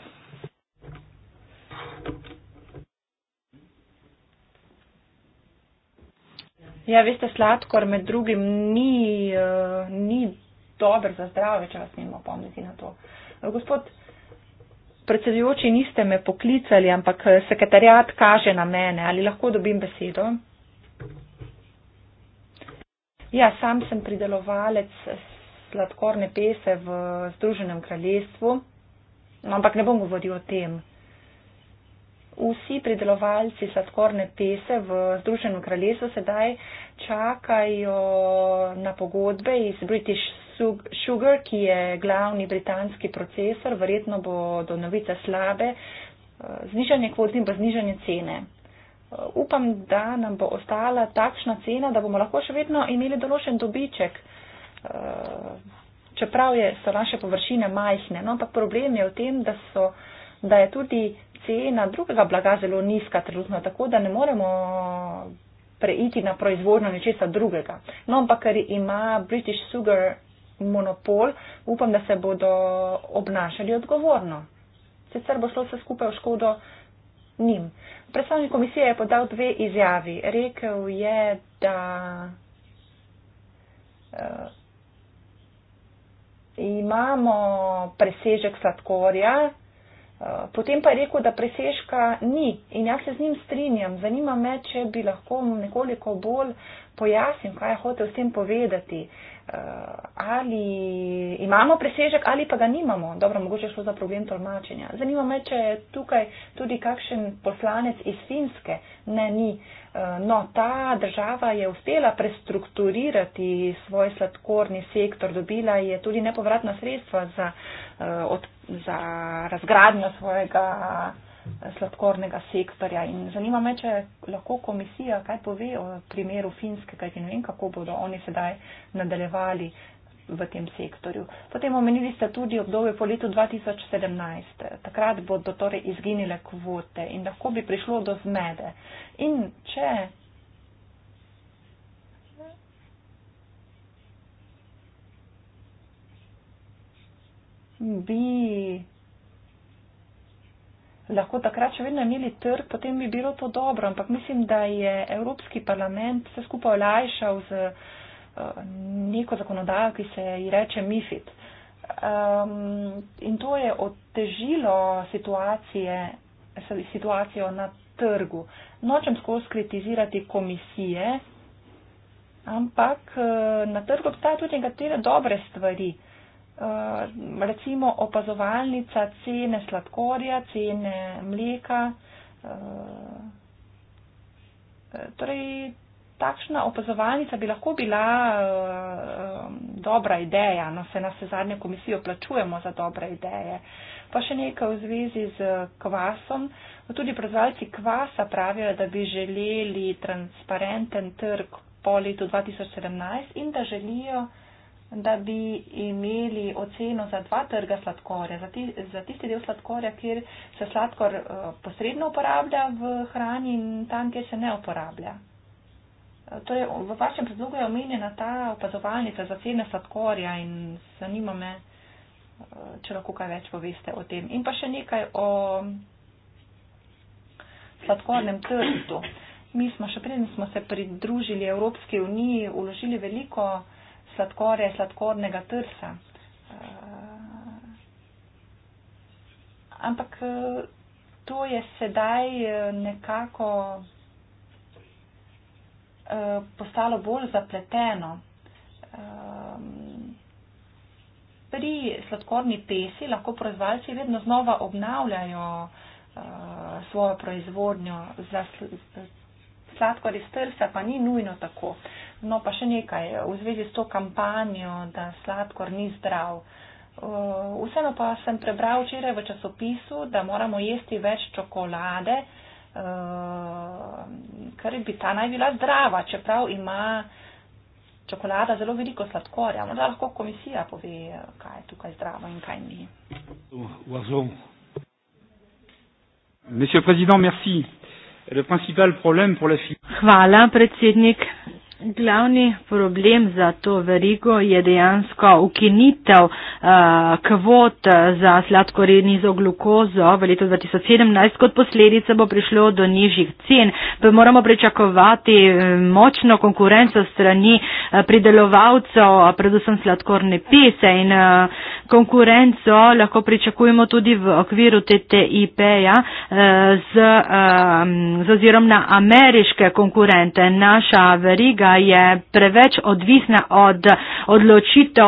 Speaker 2: Ja, veste, sladkor med drugim ni, eh, ni dober za zdrave, če vas nima pomniti na to. Eh, gospod predsedujoči, niste me poklicali, ampak eh, sekretarjat kaže na mene. Ali lahko dobim besedo? Ja, sam sem pridelovalec sladkorne pese v Združenem kraljestvu, ampak ne bom govoril o tem. Vsi pridelovalci sladkorne pese v Združenem kraljestvu sedaj čakajo na pogodbe iz British Sugar, ki je glavni britanski procesor, verjetno bo do novice slabe, eh, znižanje kvotin pa znižanje cene. Eh, upam, da nam bo ostala takšna cena, da bomo lahko še vedno imeli določen dobiček, eh, čeprav je, so naše površine majhne. No, ampak problem je v tem, da, so, da je tudi cena drugega blaga zelo nizka trenutno, tako da ne moremo preiti na proizvodno nečesa drugega. No, ampak ker ima British Sugar monopol, upam, da se bodo obnašali odgovorno. Sicer bo šlo vse skupaj v škodo njim. Predstavnik komisije je podal dve izjavi. Rekl je, da uh, imamo presežek sladkorja, uh, potem pa je rekel, da presežka ni. In jaz se z njim strinjam. Zanima me, če bi lahko nekoliko bolj uh, pojasnim, kaj je hotel s tem povedati. Eh, ali imamo presežek ali pa ga nimamo. Dobro, mogoče šlo za problem tolmačenja. Zanima me, če je tukaj tudi kakšen poslanec iz Finske. Ne, ni. Eh, no, ta država je uspela prestrukturirati svoj sladkorni sektor, dobila je tudi nepovratna sredstva za, eh, za razgradnjo svojega sladkornega sektorja. In zanima me, če lahko komisija kaj pove o primeru Finske, kajti ne vem, kako bodo oni sedaj nadaljevali v tem sektorju. Potem omenili ste tudi obdobje po letu 2017. Takrat bodo torej izginile kvote in lahko bi prišlo do zmede. In če. bi lahko takrat še vedno imeli trg, potem bi bilo to dobro, ampak mislim, da je Evropski parlament vse skupaj olajšal z eh, neko zakonodajo, ki se ji reče MIFID. Um, in to je otežilo situacijo na trgu. Nočem skozi kritizirati komisije, ampak eh, na trgu obstaja tudi nekatere dobre stvari. Uh, Eh, recimo opazovalnica cene sladkorja, cene mleka. Eh, eh, torej, takšna opazovalnica bi lahko bila dobra ideja, no se na vse zadnje komisijo plačujemo za dobre ideje. Pa še nekaj v zvezi z kvasom. Tudi proizvajalci kvasa pravijo, da bi želeli transparenten trg po letu 2017 in da želijo da bi imeli oceno za dva trga sladkorja, za, ti, za tisti del sladkorja, kjer se sladkor uh, posredno uporablja v hrani in tam, kjer se ne uporablja. Eh, torej, v vašem predlogu je omenjena ta opazovalnica za cene sladkorja in zanima me, eh, če lahko kaj več poveste o tem. In pa še nekaj o sladkornem trgu. Mi smo še preden smo se pridružili Evropski uniji, uložili veliko sladkorja, sladkornega trsa. Eh, ampak eh, to je sedaj eh, nekako postalo bolj zapleteno. Pri sladkorni pesi lahko proizvajalci vedno znova obnavljajo svojo proizvodnjo. Sladkor iz trsa pa ni nujno tako. No, pa še nekaj v zvezi s to kampanjo, da sladkor ni zdrav. Eh, vseeno pa sem prebral včeraj v časopisu, da moramo jesti več čokolade, eh, ker bi ta naj bila zdrava, čeprav ima čokolada zelo veliko sladkorja. Morda lahko komisija pove, kaj je tukaj zdravo in kaj ni.
Speaker 3: Hvala, predsednik. Glavni problem za to verigo je dejansko ukinitev uh, kvot eh, za sladkoredni za glukozo v letu 2017. Kot posledica bo prišlo do nižjih cen. Pa moramo pričakovati eh, močno konkurenco strani uh, pridelovalcev, predvsem sladkorne pise in uh, konkurenco lahko pričakujemo tudi v okviru TTIP-ja uh, z, uh, z ozirom na ameriške konkurente. Naša veriga je preveč odvisna od odločitev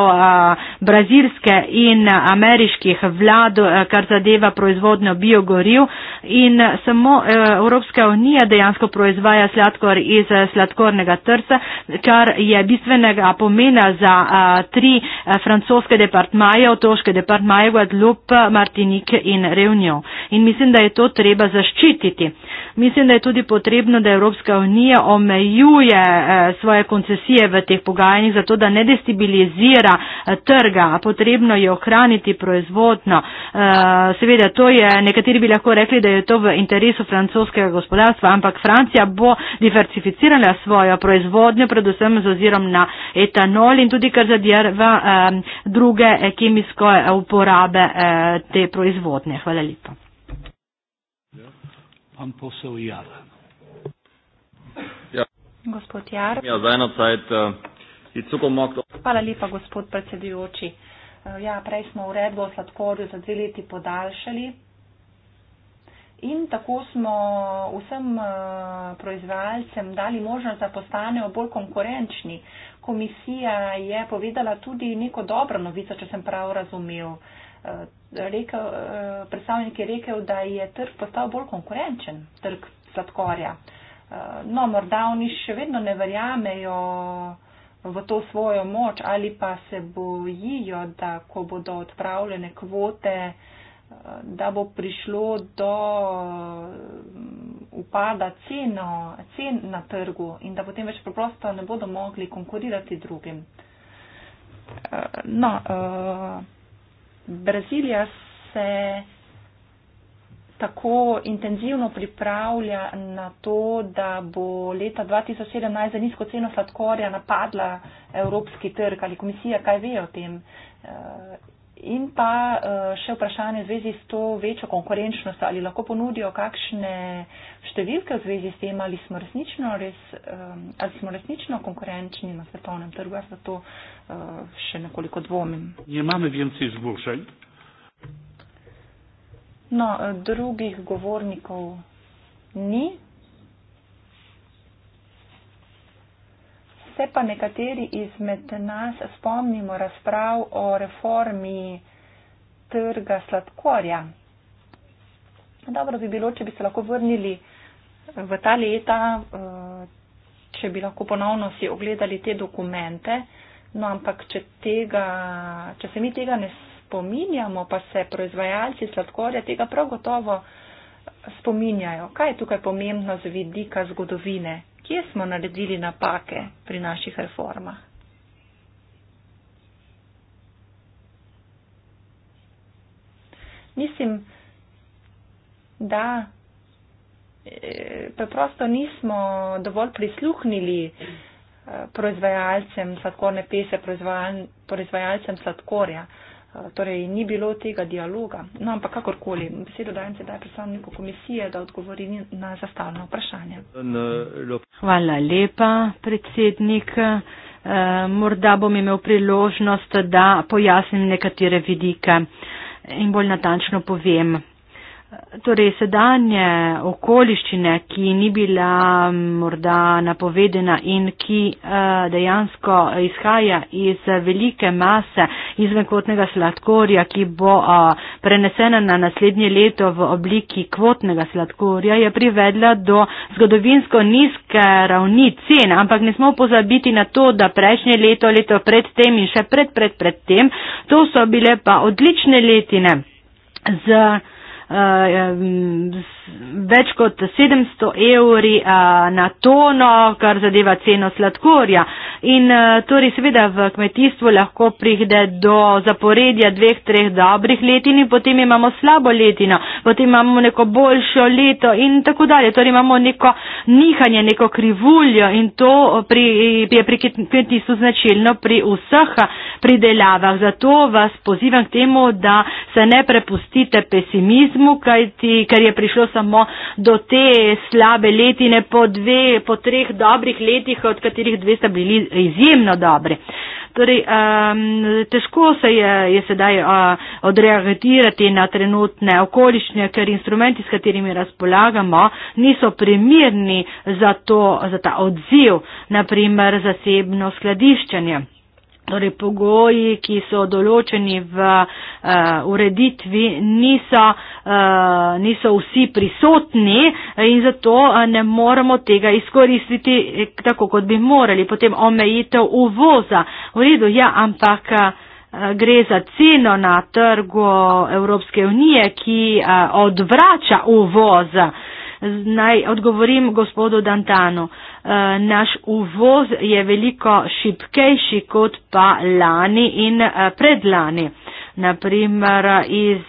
Speaker 3: brazilske in ameriških vlad, kar zadeva proizvodno biogoriv in samo e, Evropska unija dejansko proizvaja sladkor iz e, sladkornega trsa, kar je bistvenega pomena za tri e, francoske departmaje, otoške departmaje Guadeloupe, Martinique in Reunion. In mislim, da je to treba zaščititi. Mislim, da je tudi potrebno, da Evropska unija omejuje eh, svoje koncesije v teh pogajanjih, zato da ne destabilizira eh, trga. Potrebno je ohraniti proizvodno. Eh, seveda, to je, nekateri bi lahko rekli, da je to v interesu francoskega gospodarstva, ampak Francija bo diversificirala svojo proizvodnjo, predvsem z ozirom na etanol in tudi kar zadeva druge kemijsko uporabe te proizvodnje. Hvala lepa.
Speaker 1: Pan posel Jar. Ja.
Speaker 2: Gospod Jar. Ja, za eno cajt. Eh, Hvala lepa, gospod predsedujoči. Eh, ja, prej smo uredbo o sladkorju za dve leti podaljšali in tako smo vsem eh, proizvajalcem dali možnost, da postanejo bolj konkurenčni. Komisija je povedala tudi neko dobro novico, če sem prav razumel rekel, eh, predstavnik je rekel, da je trg postal bolj konkurenčen, trg sladkorja. Eh, no, morda oni še vedno ne verjamejo v to svojo moč ali pa se bojijo, da ko bodo odpravljene kvote, eh, da bo prišlo do mm, upada ceno, cen na trgu in da potem več preprosto ne bodo mogli konkurirati drugim. No, uh, Brazilija se tako intenzivno pripravlja na to, da bo leta 2017 za nizko ceno sladkorja napadla evropski trg ali komisija, kaj ve o tem. In pa eh, še vprašanje v zvezi s to večjo konkurenčnostjo, ali lahko ponudijo kakšne številke v zvezi s tem, ali smo resnično, res, ali smo resnično konkurenčni na svetovnem trgu. Jaz za to eh, še nekoliko dvomim.
Speaker 1: Imamo vjemci izboljšanj?
Speaker 2: No, eh, drugih govornikov ni, se pa nekateri izmed nas spomnimo razprav o reformi trga sladkorja. Dobro bi bilo, če bi se lahko vrnili v ta leta, eh, če bi lahko ponovno si ogledali te dokumente, no ampak če, tega, če se mi tega ne spominjamo, pa se proizvajalci sladkorja tega prav gotovo spominjajo. Kaj je tukaj pomembno z vidika zgodovine? kje smo naredili napake pri naših reformah. Mislim, da eh, preprosto nismo dovolj prisluhnili eh, proizvajalcem sladkorne pese, proizvajalcem sladkorja torej ni bilo tega dialoga. No, ampak kakorkoli, besedo dajem sedaj predstavniku komisije, da odgovori na
Speaker 3: zastavljeno vprašanje. Hvala lepa, predsednik. Eh, morda bom imel priložnost, da pojasnim nekatere vidike in bolj natančno povem. Torej, sedanje okoliščine, ki ni bila morda napovedena in ki eh, dejansko izhaja iz velike mase izvenkotnega sladkorja, ki bo eh, prenesena na naslednje leto v obliki kvotnega sladkorja, je privedla do zgodovinsko nizke ravni cen, ampak ne smo pozabiti na to, da prejšnje leto, leto predtem in še predpredtem, pred to so bile pa odlične letine. Z uh, več kot 700 evri na tono, kar zadeva ceno sladkorja. In torej seveda v kmetijstvu lahko pride do zaporedja dveh, treh dobrih letin in potem imamo slabo letino, potem imamo neko boljšo leto in tako dalje. Torej imamo neko nihanje, neko krivuljo in to pri, je pri kmetijstvu značilno pri vseh pridelavah. Zato vas pozivam k temu, da se ne prepustite pesimizmu, kajti, ker je prišlo samo do te slabe letine po dveh, po treh dobrih letih, od katerih dve sta bili izjemno dobre. Torej, um, težko se je, je sedaj uh, odreagirati na trenutne okoliščine, ker instrumenti, s katerimi razpolagamo, niso primirni za, to, za ta odziv, naprimer zasebno skladiščenje. Torej, pogoji, ki so določeni v uh, uh, ureditvi niso, uh, niso vsi prisotni in zato eh, ne moremo tega izkoristiti tako, kot bi morali. Potem omejitev uvoza. V redu, ja, ampak. Gre za ceno na trgu Evropske unije, ki odvrača uvoz. Naj odgovorim gospodu Dantanu. Naš uvoz je veliko šipkejši kot pa lani in predlani na primer iz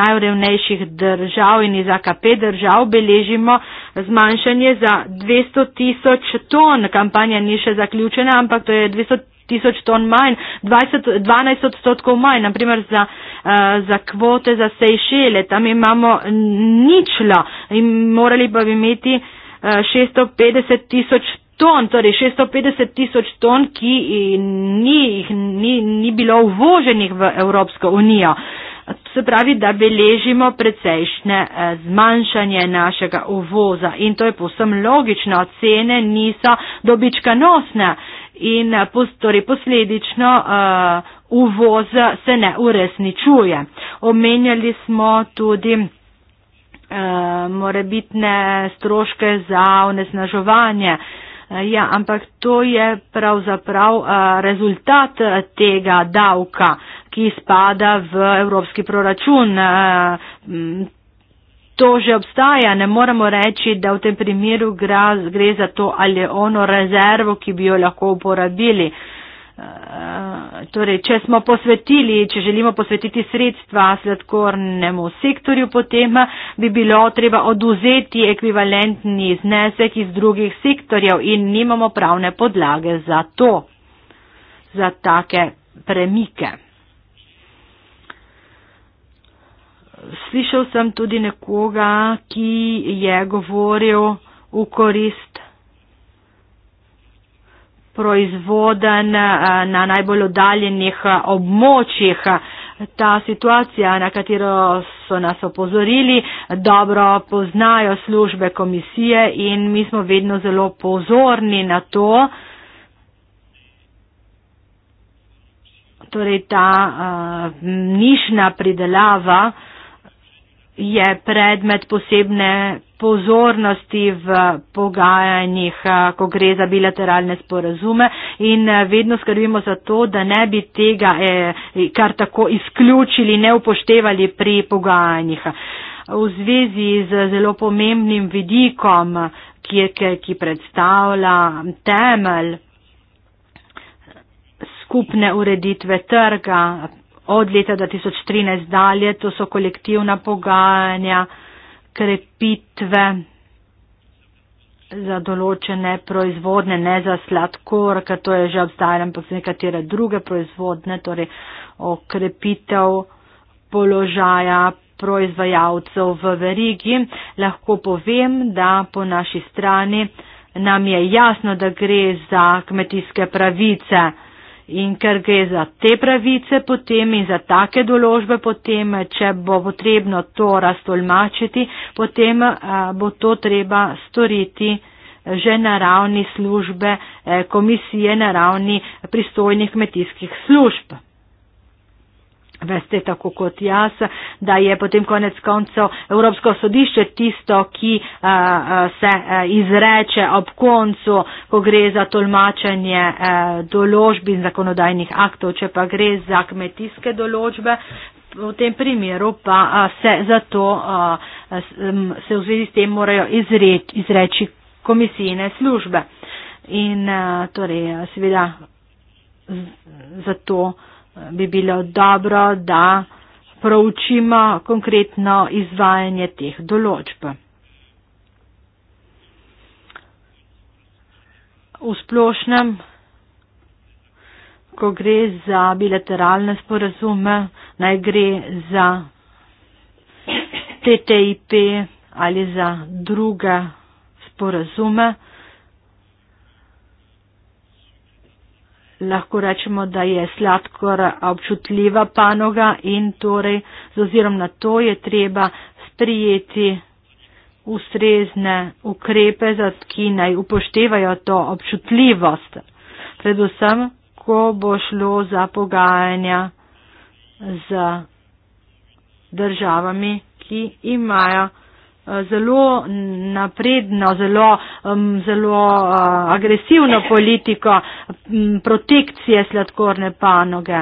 Speaker 3: najrevnejših držav in iz AKP držav beležimo zmanjšanje za 200 tisoč ton. Kampanja ni še zaključena, ampak to je 200 tisoč ton manj, 20, 12 odstotkov manj, naprimer za, za kvote za Sejšele. Tam imamo ničlo in morali bi imeti 650 tisoč ton ton, torej 650 tisoč ton, ki ni, ni, ni bilo uvoženih v Evropsko unijo. To se pravi, da beležimo precejšnje eh, zmanjšanje našega uvoza in to je povsem logično, cene niso dobičkanosne in eh, torej posledično uh, uvoz se ne uresničuje. Omenjali smo tudi uh, morebitne stroške za onesnažovanje. Uh, Ja, ampak to je pravzaprav eh, rezultat eh, tega davka, ki spada v evropski proračun. Eh, to že obstaja, ne moremo reči, da v tem primeru gre za to ali ono rezervo, ki bi jo lahko uporabili. Eh, torej, če smo posvetili, če želimo posvetiti sredstva sladkornemu sektorju, potem bi bilo treba oduzeti ekvivalentni znesek iz drugih sektorjev in nimamo pravne podlage za to, za take premike. Slišal sem tudi nekoga, ki je govoril v korist proizvoden eh, na najbolj oddaljenih eh, območjih. Ta situacija, na katero so nas opozorili, dobro poznajo službe komisije in mi smo vedno zelo pozorni na to. Torej, ta uh, nišna pridelava je predmet posebne pozornosti v pogajanjih, ko gre za bilateralne sporazume in vedno skrbimo za to, da ne bi tega e, kar tako izključili, ne upoštevali pri pogajanjih. V zvezi z zelo pomembnim vidikom, ki, ki, ki predstavlja temelj skupne ureditve trga od leta 2013 dalje, to so kolektivna pogajanja, krepitve za določene proizvodne, ne za sladkor, ker to je že obstajalo, ampak za nekatere druge proizvodne, torej okrepitev položaja proizvajalcev v verigi. Lahko povem, da po naši strani nam je jasno, da gre za kmetijske pravice. In ker gre za te pravice potem in za take določbe potem, če bo potrebno to raztolmačiti, potem eh, bo to treba storiti eh, že na ravni službe eh, komisije, na ravni pristojnih kmetijskih služb veste tako kot jaz, da je potem konec koncev Evropsko sodišče tisto, ki a, eh, a, eh, se a, eh, izreče ob koncu, ko gre za tolmačenje a, doložb in zakonodajnih aktov, če pa gre za kmetijske doložbe. V tem primeru pa se zato se v zvezi s tem morajo izreči komisijne službe. In torej, seveda, zato. Za bi bilo dobro, da proučimo konkretno izvajanje teh določb. V splošnem, ko gre za bilateralne sporazume, naj gre za TTIP ali za druge sporazume, lahko rečemo, da je sladkor občutljiva panoga in torej z ozirom na to je treba sprijeti ustrezne ukrepe, ki naj upoštevajo to občutljivost. Predvsem, ko bo šlo za pogajanja z državami, ki imajo zelo napredno, zelo, zelo eh, agresivno politiko protekcije sladkorne panoge.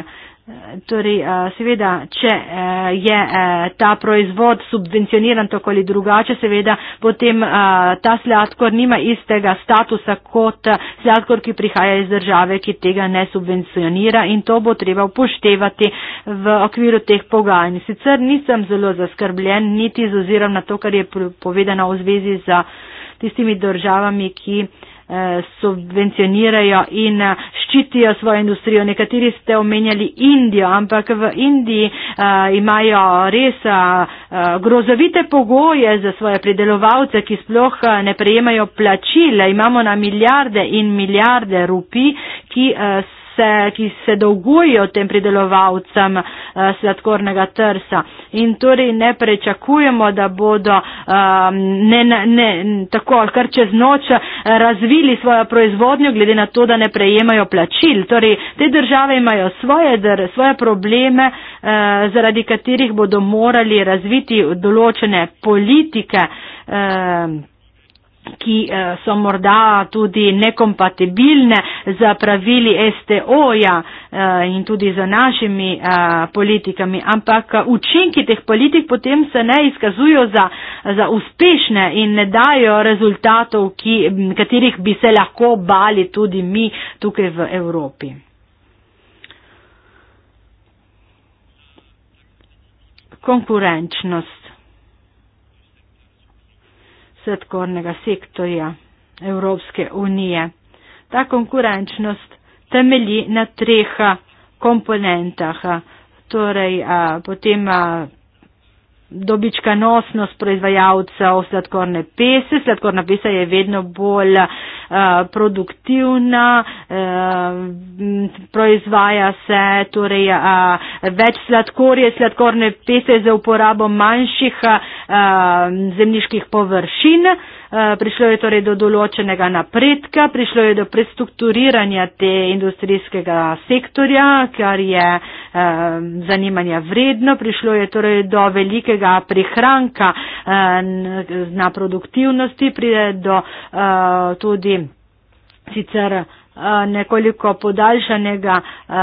Speaker 3: Torej, eh, seveda, če eh, je eh, ta proizvod subvencioniran tako ali drugače, seveda, potem ta sladkor nima istega statusa kot sladkor, ki prihaja iz države, ki tega ne subvencionira in to bo treba upoštevati v okviru teh pogajanj. Sicer nisem zelo zaskrbljen, niti z ozirom na to, kar je povedano v zvezi z tistimi državami, ki. Eh, subvencionirajo in eh, ščitijo svojo industrijo. Nekateri ste omenjali Indijo, ampak v Indiji uh, imajo res uh, grozovite pogoje za svoje predelovalce, ki sploh ne prejemajo plačila. Imamo na milijarde in milijarde rupi, ki uh, se, ki se dolgujejo tem pridelovalcem uh, sladkornega trsa. In torej ne prečakujemo, da bodo um, ne, ne, ne, tako ali kar čez noč eh, razvili svojo proizvodnjo, glede na to, da ne prejemajo plačil. Torej, te države imajo svoje, dr, svoje probleme, uh, zaradi katerih bodo morali razviti določene politike. Uh, ki eh, so morda tudi nekompatibilne z pravili STO-ja eh, in tudi z našimi eh, politikami, ampak učinki teh politik potem se ne izkazujo za, za uspešne in ne dajo rezultatov, ki, katerih bi se lahko bali tudi mi tukaj v Evropi. Konkurenčnost sladkornega sektorja Evropske unije. Ta konkurenčnost temelji na treh komponentah, torej potem dobičkanosnost proizvajalcev sladkorne pese. Sladkorna pesa je vedno bolj uh, produktivna, uh, proizvaja se torej, uh, več sladkorje, sladkorne pese za uporabo manjših uh, zemljiških površin. Uh, Eh, prišlo je torej do določenega napredka, prišlo je do prestrukturiranja te industrijskega sektorja, kar je eh, zanimanja vredno, prišlo je torej do velikega prihranka eh, na produktivnosti, pride do tudi sicer Eh, nekoliko podaljšanega eh,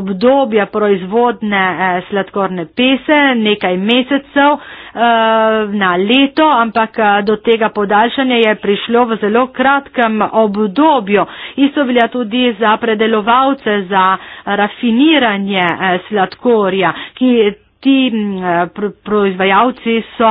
Speaker 3: obdobja proizvodne eh, sladkorne pese, nekaj mesecev na leto, ampak do tega podaljšanja je prišlo v zelo kratkem obdobju. Isto velja tudi za predelovalce, za rafiniranje sladkorja, ki. Ti mm, proizvajalci so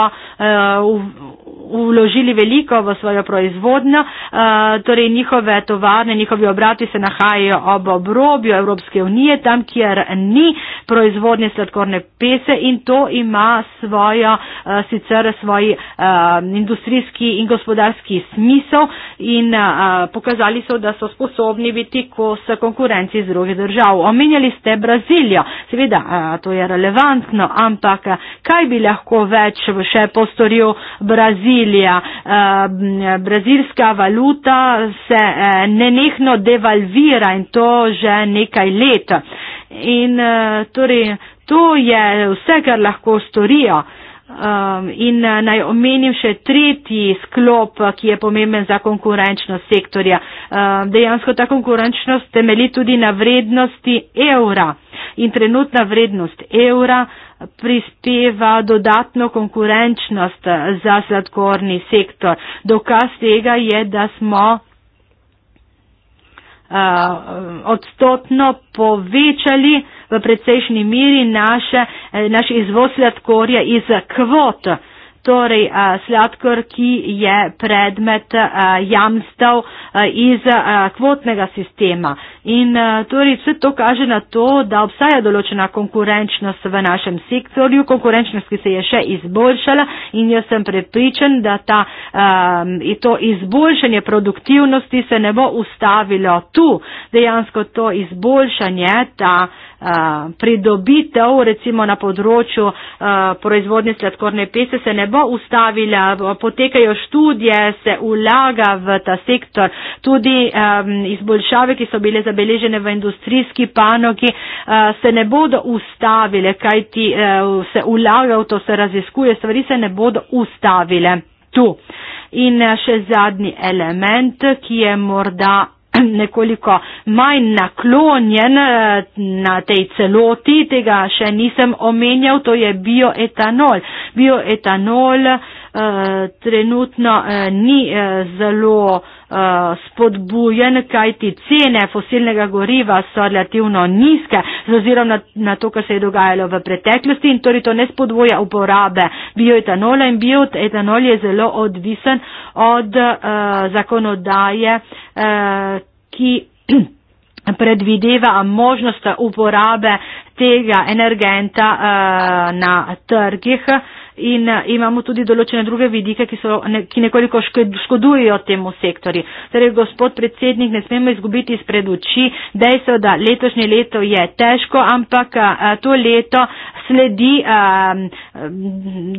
Speaker 3: vložili veliko v svojo proizvodnjo, eh, torej njihove tovarne, njihovi obrati se nahajajo ob obrobju Evropske unije, tam, kjer ni proizvodnje sladkorne pese in to ima svojo, eh, sicer svoj eh, industrijski in gospodarski smisel in pokazali so, da so sposobni biti kos konkurenci iz drugih držav. Omenjali ste Brazilijo, seveda to je relevantno, ampak kaj bi lahko več še postoril Brazilijo? Brazilija. Eh, brazilska valuta se eh, nenehno devalvira in to že nekaj let. In eh, torej, to je vse, kar lahko storijo. Um, in uh, naj omenim še tretji sklop, uh, ki je pomemben za konkurenčnost sektorja. Uh, dejansko ta konkurenčnost temeli tudi na vrednosti evra in trenutna vrednost evra prispeva dodatno konkurenčnost uh, za sladkorni sektor. Dokaz tega je, da smo uh, odstotno povečali uh, v precejšnji miri naše, eh, naš izvoz sladkorja iz kvot, torej eh, sladkor, ki je predmet eh, jamstav iz kvotnega sistema. In torej vse to kaže na to, da obstaja določena konkurenčnost v našem sektorju, konkurenčnost, ki se je še izboljšala in jaz sem prepričan, da ta, um, to izboljšanje produktivnosti se ne bo ustavilo tu. Dejansko to izboljšanje, ta uh, pridobitev, recimo na področju proizvodnje sladkorne pese, se ne bo ustavila, potekajo študije, se ulaga v ta sektor. Tudi izboljšave, ki so bile zabeležene v industrijski panogi, se ne bodo ustavile, kajti se ulaga v to, se raziskuje, stvari se ne bodo ustavile. Tu. In še zadnji element, ki je morda nekoliko manj naklonjen eh, na tej celoti, tega še nisem omenjal, to je bioetanol. Bioetanol eh, trenutno eh, ni zelo spodbujen, kajti cene fosilnega goriva so relativno nizke, z ozirom na, na to, kar se je dogajalo v preteklosti in torej to ne spodboja uporabe bioetanola in bioetanol je zelo odvisen od uh, zakonodaje, uh, ki predvideva možnost uporabe tega energenta eh, na trgih in imamo tudi določene druge vidike, ki, so, ki nekoliko škodujejo temu sektorju. Torej, gospod predsednik, ne smemo izgubiti spred oči dejstvo, da letošnje leto je težko, ampak eh, to leto sledi eh,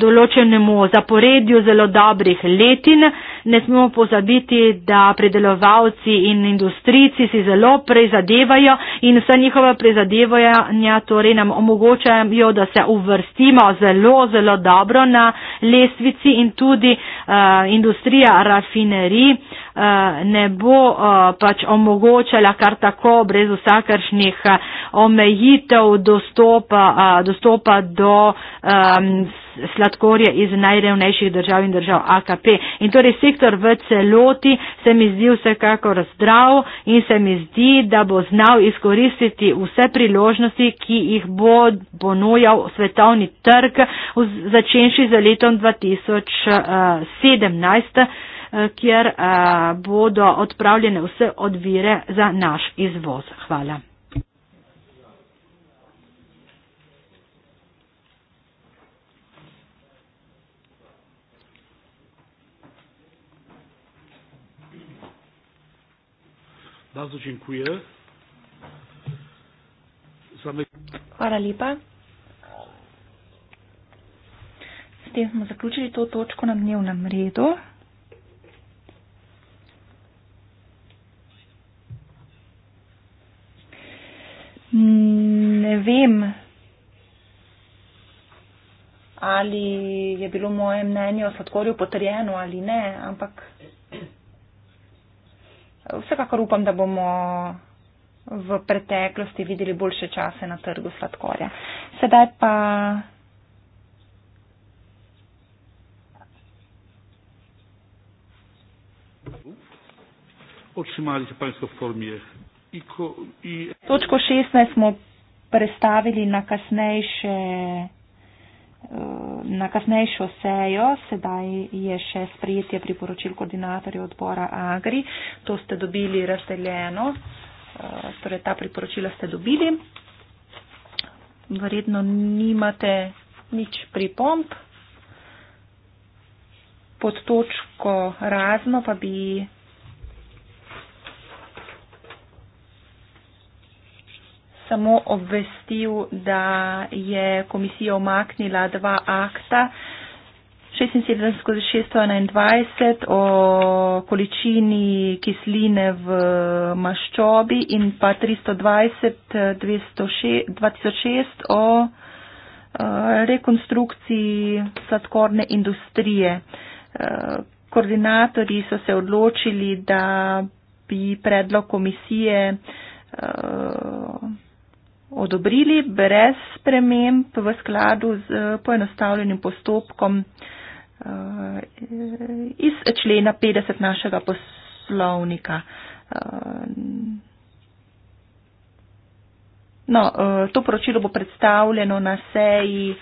Speaker 3: določenemu zaporedju zelo dobrih letin. Ne smemo pozabiti, da predelovalci in industrici si zelo prezadevajo in vsa njihova prezadevanja torej nam omogočajo, da se uvrstimo zelo, zelo dobro na lestvici in tudi uh, industrija rafinerij eh, ne bo eh, pač omogočala kar tako brez vsakršnih omejitev dostopa, dostopa do sladkorje iz najrevnejših držav in držav AKP. In torej sektor v celoti se mi zdi vsekakor zdrav in se mi zdi, da bo znal izkoristiti vse priložnosti, ki jih bo ponujal svetovni trg, začenši za letom 2017, eh, eh, kjer eh, bodo odpravljene vse odvire za naš izvoz. Hvala.
Speaker 1: Bardzo dziękuję. Zamy... Hvala
Speaker 2: lepa. S tem smo zaključili to točko na dnevnem redu. Ne vem, ali je bilo moje mnenje o sladkorju potrjeno ali ne, ampak vsekakor upam, da bomo v preteklosti videli boljše čase na trgu sladkorja. Sedaj pa.
Speaker 1: Očimali se palinsko formije. Iko, i... Točko
Speaker 2: 16 smo prestavili na kasnejše. Eh, na kasnejšo sejo, sedaj je še sprejetje priporočil koordinatorja odbora Agri, to ste dobili razdeljeno, eh, torej ta priporočila ste dobili. Verjetno nimate nič pripomp. Pod točko razno pa bi samo obvestil, da je komisija omaknila dva akta. 76.621 o količini kisline v maščobi in pa 320.206 o eh, rekonstrukciji sladkorne industrije. Eh, koordinatorji so se odločili, da bi predlog komisije eh, odobrili brez sprememb v skladu z eh, poenostavljenim postopkom eh, iz člena 50 našega poslovnika. Eh, no, to poročilo bo predstavljeno na seji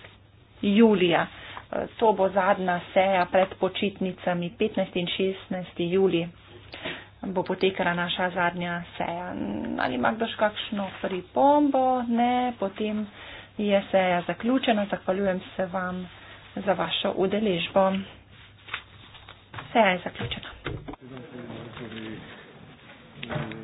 Speaker 2: julija. To bo zadnja seja pred počitnicami 15 in 16. julija bo potekala naša zadnja seja. Ali ima kdo še kakšno pripombo? Ne, potem je seja zaključena. Zahvaljujem se vam za vašo udeležbo. Seja je zaključena.
Speaker 1: Thank you.